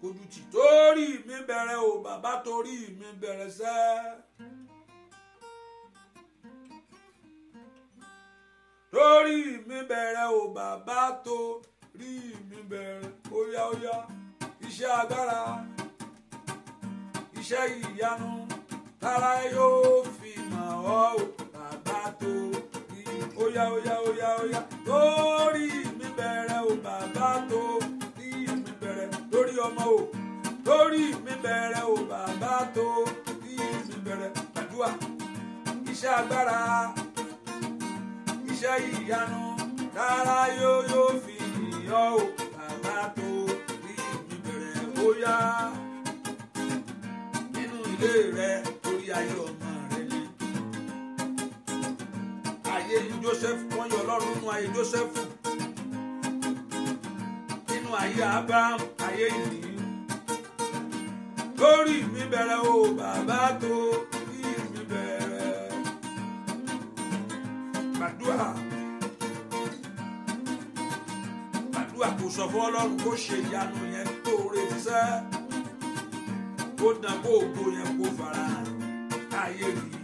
A: kojú tì torí mi bẹ̀rẹ̀ o bàbá torí mi bẹ̀rẹ̀ sẹ́. torí mi bẹ̀rẹ̀ o bàbá torí mi bẹ̀rẹ̀ oya oya iṣẹ́ agbára iṣẹ́ ìyanu tára yóò fi mọ̀ ọ́ o bàbá tó bí óyá óyá óyá óyá lórí mi bẹ̀rẹ̀ o bàbá tó bí mi bẹ̀rẹ̀ lórí ọmọ o lórí mi bẹ̀rẹ̀ o bàbá tó bí mi bẹ̀rẹ̀ àdúrà iṣẹ́ agbára iṣẹ́ ìyanu rárá yóò yóò fi yọ o bàbá tó bí mi bẹ̀rẹ̀ óyá nínú ilé rẹ torí ayé ọmọ. ayé ju Joseph wọ́n yọ Ọlọ́run nínú ayé Joseph nínú ayé Abraham ayé ìdí lórí mi bẹ̀rẹ̀ o bàbá tó rí mi bẹ̀rẹ̀ gbàdúrà gbàdúrà kò sọ fún Ọlọ́run kó ṣe ìyanu yẹn tó retí sẹ́ kó dàn kó ògo yẹn kó fara ayé rí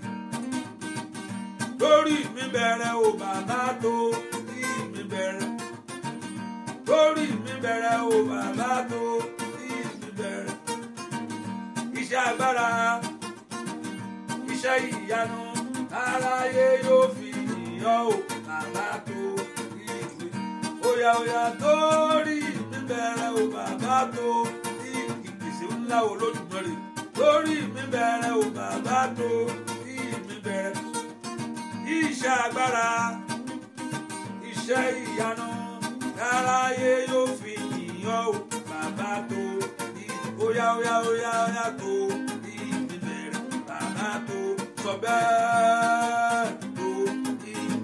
A: torí mi bẹ̀rẹ̀ o bàbá torí mi bẹ̀rẹ̀ torí mi bẹ̀rẹ̀ o bàbá torí mi bẹ̀rẹ̀ iṣẹ́ agbára iṣẹ́ ìyanu aráyé yóò fi yọ̀ o bàbá torí mi oya oya torí mi bẹ̀rẹ̀ o bàbá torí ìpèsè ńlá olódùmarè torí mi bẹ̀rẹ̀ o bàbá torí iṣẹ́ agbára iṣẹ́ ìyanu aráyé yóò fi yìn ọ́ bàbá tó óyá óyá óyá óyá tó ìbẹ̀rẹ̀ bàbá tó sọ bẹ́ẹ̀ tó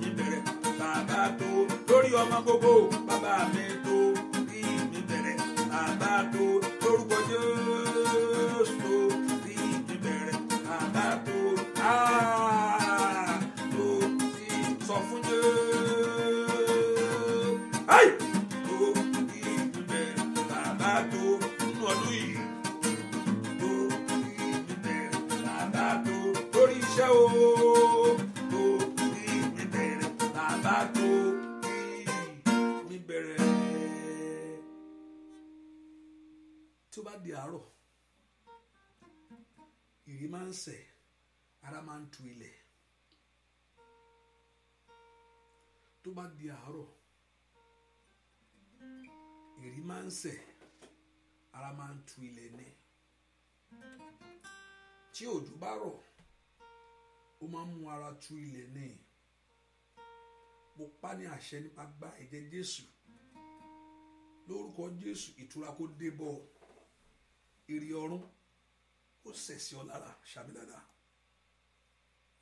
A: ìbẹ̀rẹ̀ bàbá tó lórí ọmọ gbogbo bàbá mi tó ìbẹ̀rẹ̀ bàbá tó. máa ń sẹ̀ ara máa ń tu ilẹ̀ tó bá di àárọ̀ èrí máa ń sẹ̀ ara máa ń tu ilẹ̀ ní tí òjò bá rọ̀ ó máa ń mú ara tu ilẹ̀ ní mo pa ní àṣẹ nípa gba ẹ̀jẹ̀ Jésù lórúkọ Jésù ìtura kó dé bọ̀ èrè ọ̀run ó sẹ̀sì ọ lára ṣàmì dáadáa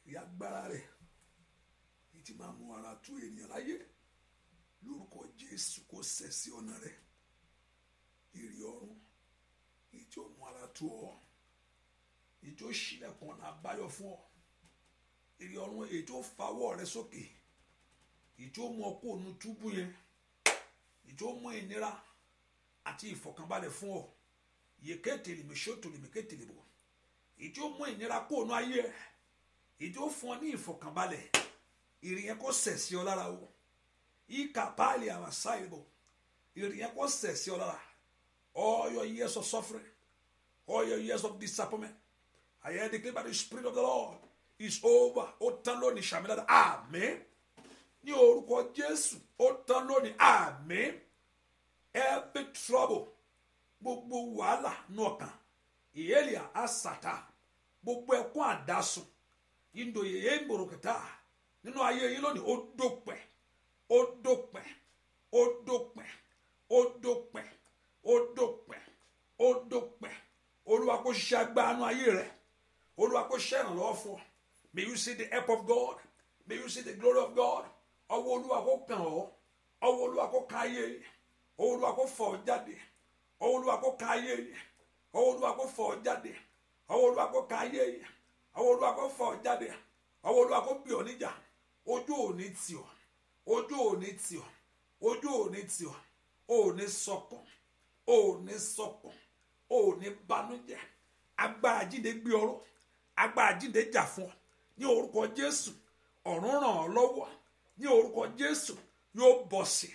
A: ìyá agbára rẹ̀ èyí tí máa mú ara tú ènìyàn láyé lórúkọ jésù kó sẹ̀sì ọ̀nà rẹ̀ èrè ọ̀run èyí tí ó mú ara tú ọ èyí tí ó ṣílẹ̀kùn ọ̀nà àbáyọ fún ọ èrè ọ̀run èyí tí fawọ́ rẹ sókè èyí tí mú ọ kó túbú yẹn èyí tí mú ìnira àti ìfọ̀kànbalẹ̀ fún ọ yèké tèlèmí ṣó tèlèmí ké tèlèmí wọ̀ ìjó mú ìnira kó ònú ayé ẹ ìjó fún ọ ní ìfọ̀kànbalẹ̀ ìrìyẹn kò sẹ̀ sí ọ lára o ìkà páàlì àwàsá ìbò ìrìyẹn kò sẹ̀ sí ọ lára all your years of suffering all your years of disappointment I hear declare by the spirit of the Lord is over ó tán lónìí sàmì dáadáa àmín ní orúkọ Jésù ó tán lónìí àmín every trouble gbogbo wàhálà nù ọkàn ìyẹ́lì àsàtà. gbogbo ẹkún àdásùn ìndòyè yé ìgbòròkìtà nínú ayé yín lónìí ó dópin ó dópin ó dópin ó dópin ó dópin ó dópin olúwa kò ṣe agbáànú ayé rẹ olúwa kò fún ọ may you see the help of God may you see the glory of God olúwa kò kàn ọ olúwa kò ka ayé ọwọ́ olúwa kò fọ̀ ọ́ jáde olúwa kò ka ayé olúwa kò jáde. ọwọ́ olúwa kó ka ayé yìí ọwọ́ olúwa kó fà ọ́ jáde ọwọ́ olúwa kó bì ọ́ níjà ojú òní tì ọ́ ojú òní tì ọ́ ojú òní tì ọ́ òní sọkàn òní sọkàn òní banújẹ́ agbára jíde gbé ọ̀rọ̀ agbára jíde jà fún ọ ní orúkọ jésù ọ̀run ràn ọ́ lọ́wọ́ ní orúkọ jésù yóò bọ̀ sí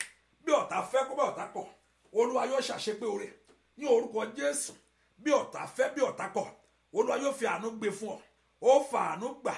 A: bí ọ̀tá fẹ́ kó bá ọ̀tá kọ̀ olúwa yóò ṣàṣepé oore ní orúkọ jésù bí ọ̀tá fẹ́ bí ọ̀tá kọ̀ olúwa yóò fi àánú gbé fún ọ ó fa àánú gbà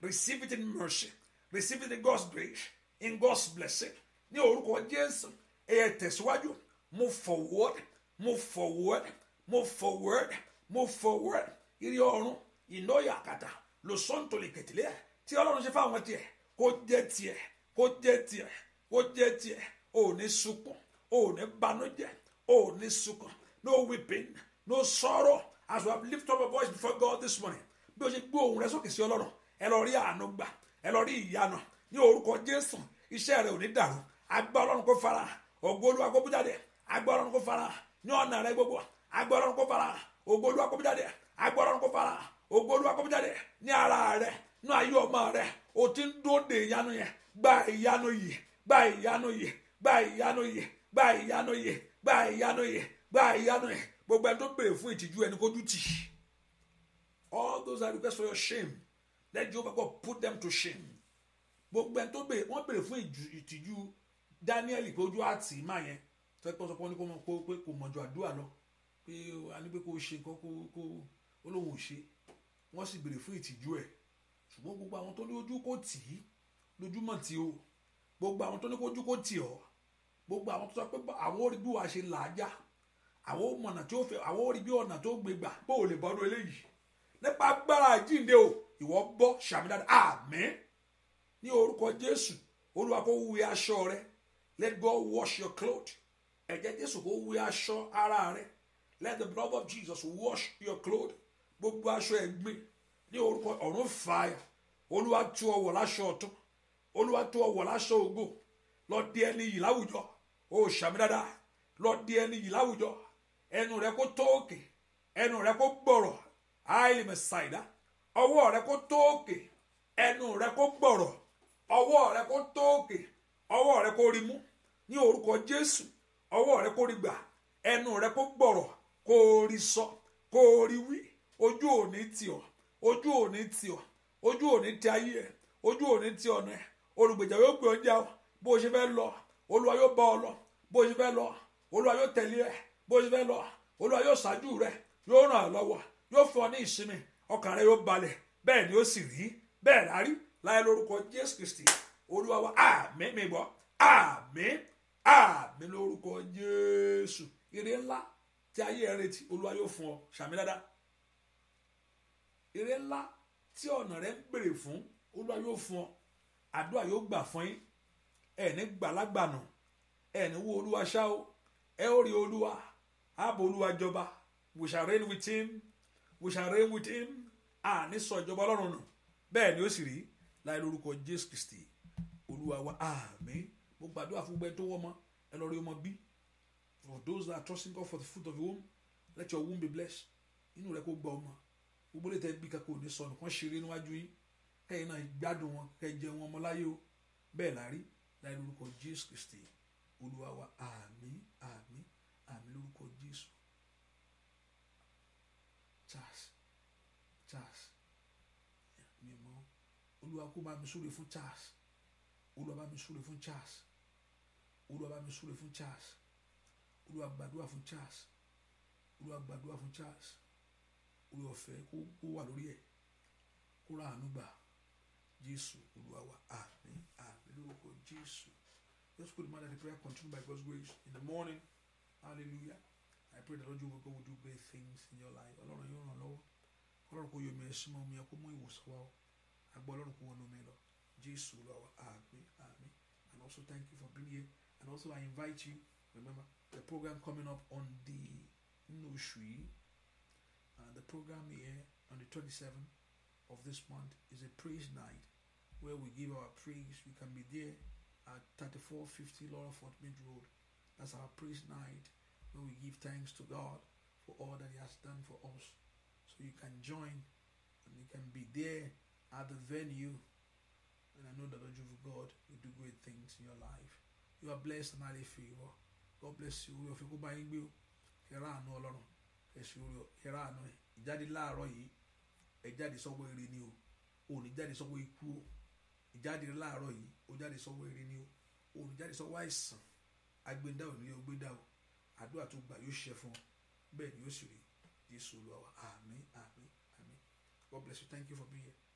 A: receive it in mercy receive it in God's grace in God's blessing ní orúkọ Jésù ẹ̀yẹ tẹ̀síwájú move forward move forward move forward move forward ìrì ọ̀run ìnáyà àkàtà lòsọ́ntòlì kẹtìlẹ́ tí ọlọ́run ṣe fáwọn tiẹ̀ kó jẹ́ tiẹ̀ kó jẹ́ tiẹ̀ kó jẹ́ tiẹ̀ ò ní sunkún ò ní banújẹ́ ò ní sunkún no weeping no sorrow as we have lift up our voice before God this morning bí o ṣe gbé ohùn rẹ sókè sí ọlọ́run ẹ lọ rí àánú gbà ẹ lọ rí ìyanu ní orúkọ jésù iṣẹ́ rẹ ò ní dàrú agbá ọlọ́run kó fara ògo olúwa kó bú jáde agbá ọlọ́run kó fara ní ọ̀nà rẹ gbogbo agbá ọlọ́run kó fara ògo olúwa kó bú jáde agbá ọlọ́run kó fara ògo olúwa kó bú jáde ní ara rẹ ní ayé ọmọ rẹ o ti ń dóde ìyanu yẹn gba ìyanu yìí gba ìyanu yìí gba ìyanu yìí gba ìyanu yìí gba ìyanu yìí gba ìyanu yìí gbogbo ẹni tó béèrè fún ìtìjú ẹni kójú tì all those are request for your shame let Jehovah God put them to shame gbogbo ẹni tó béèrè wọ́n béèrè fún ìtìjú Daniel pé ojú àti ìmá yẹn tó ẹgbẹ́ sọpọ́ ní kó mọ̀ pé kò mọ̀jọ àdúrà lọ pé a ní pé kó ṣe nǹkan kó kó ó lóun ò ṣe wọ́n sì béèrè fún ìtìjú ẹ̀ ṣùgbọ́n gbogbo àwọn tó ní ojú kò tì í lójúmọ̀ tí o gbogbo àwọn tó ní kójú kò tì ọ́ gbogbo àwọn tó sọ pé àwọn orí bí wàá ṣe làájá àwọn ò mọ̀nà tí ó fẹ́ àwọn ò rí bí ọ̀nà tó gbé gbà bó o lè bọ́nu eléyìí nípa agbára àjínde o ìwọ bọ́ sàmì dáadáa àmín ní orúkọ jésù olúwa kó wé aṣọ rẹ let God wash your cloth ẹ̀jẹ̀ jésù kó wé aṣọ ara rẹ let the blood of Jesus wash your cloth gbogbo aṣọ ẹ̀gbin ní orúkọ ọ̀run fàáyà olúwa tú ọ wọ̀ láṣọ ọ̀tún olúwa tú ọ wọ̀ láṣọ ògo lọ di ẹni yìí láwùjọ o sàmì dáadáa lọ di ẹni yìí láwùjọ. ẹnu rẹ kó tóòkè ẹnu rẹ kó gbọ̀rọ̀ àìlè mẹsàìdá ọwọ́ rẹ kó tóòkè ẹnu rẹ kó gbọ̀rọ̀ ọwọ rẹ kó tóòkè ọwọ́ rẹ kó rí mú ní orúkọ Jésù ọwọ rẹ kó rí gbà ẹnu rẹ kó sọ kó rí wí ojú òní tì ojú òní tì ojú òní ti ayé ẹ ojú òní ti ọ̀nà o ṣe fẹ́ lọ olúwa yóò bá ọ lọ bó o ṣe fẹ́ bó ṣe fẹ́ lọ olúwa yóò ṣáájú rẹ yóò ràn ọ́ lọ́wọ́ yóò fún ọ ní ìsinmi ọkàn rẹ yóò balẹ̀ bẹ́ẹ̀ ni ó sì rí bẹ́ẹ̀ rárí láyé lórúkọ jésù kristi olúwa wa àmín mi gbọ́ àmín àmín lórúkọ jésù ire ńlá tí ayé ẹ retí olúwa yóò fún ọ ṣàmì dáadáa ire ńlá tí ọ̀nà rẹ ń béèrè fún olúwa yóò fún ọ àdúrà yóò gbà fún yín ẹ̀ ní gbàlagbà nù ẹ̀ ní wo olúwa ṣá ẹ ó rí olúwa ààbò olúwa we shall reign with him we shall reign with him àní sọ ìjọba ọlọ́run nù bẹ́ẹ̀ ni ó sì rí láì lórúkọ jésù kristi olúwa wa àmín mo gbàdúrà fún gbẹ tó wọ́ mọ́ ẹ lọ rí ọmọ bí for those that are trusting God for the fruit of the womb let your womb be blessed inú rẹ kó gba ọmọ gbogbo lè tẹ bí kakó ní sọnù kan ṣeré níwájú yín kẹyìn náà gbádùn wọn kẹjẹ wọn ọmọláyé o bẹ́ẹ̀ la rí láì lórúkọ jésù kristi olúwa wa àmín àmín. olúwa kó bá mi súre fún Charles olúwa bá mi súre fún Charles olúwa bá mi súre fún Charles olúwa gbàdúrà fún Charles olúwa gbàdúrà fún Charles olúwa ọ̀fẹ́ kó wà lórí ẹ̀ kó ra àánú gbà jésù olúwa wa àmín àmín lórúkọ jésù just put in mind that the prayer continue by God's grace in the morning hallelujah I pray that Lord your God will do great things in your life ọlọ́run yóò ràn lọ́wọ́ ọlọ́run kò yọ omi ẹ̀sìn mọ́ omi ẹ̀ kó mú ìwòsàn wá o. agbọ́ ọlọ́run kó mi lọ jésù lọ and also thank you for being here and also i invite you remember the program coming up on the nínú uh, the program here on the 27th of this month is a praise night where we give our praise We can be there at 3450 Laura Fort Mid Road that's our praise night where we give thanks to God for all that He has done for us so you can join and you can be there at the venue. And I know the Lord of God will do great things in your life. You are blessed and highly favored. God bless you. Orí ọ̀fẹ́ kó bá yín gbé o. Ẹ̀rá àánú Ọlọ́run. Ẹ̀sùn orí ẹ̀rá àánú ẹ̀. Ìjáde láàárọ̀ yìí. Ẹ jáde sọ́wọ́ ire ni o. O ò ní jáde sọ́wọ́ ikú o. Ìjáde láàárọ̀ yìí. O jáde sọ́wọ́ ire ni o. O ò ní jáde sọ́wọ́ àìsàn. Agbẹ́ndá ò ní yọ gbẹ́dá o. Àdúrà tó gbà yóò ṣẹ fún ọ. Bẹ́ẹ̀ ni yóò sì rí. Jésù Olúwa wa. Àmín àmín àmín. God bless you. Thank you for being here.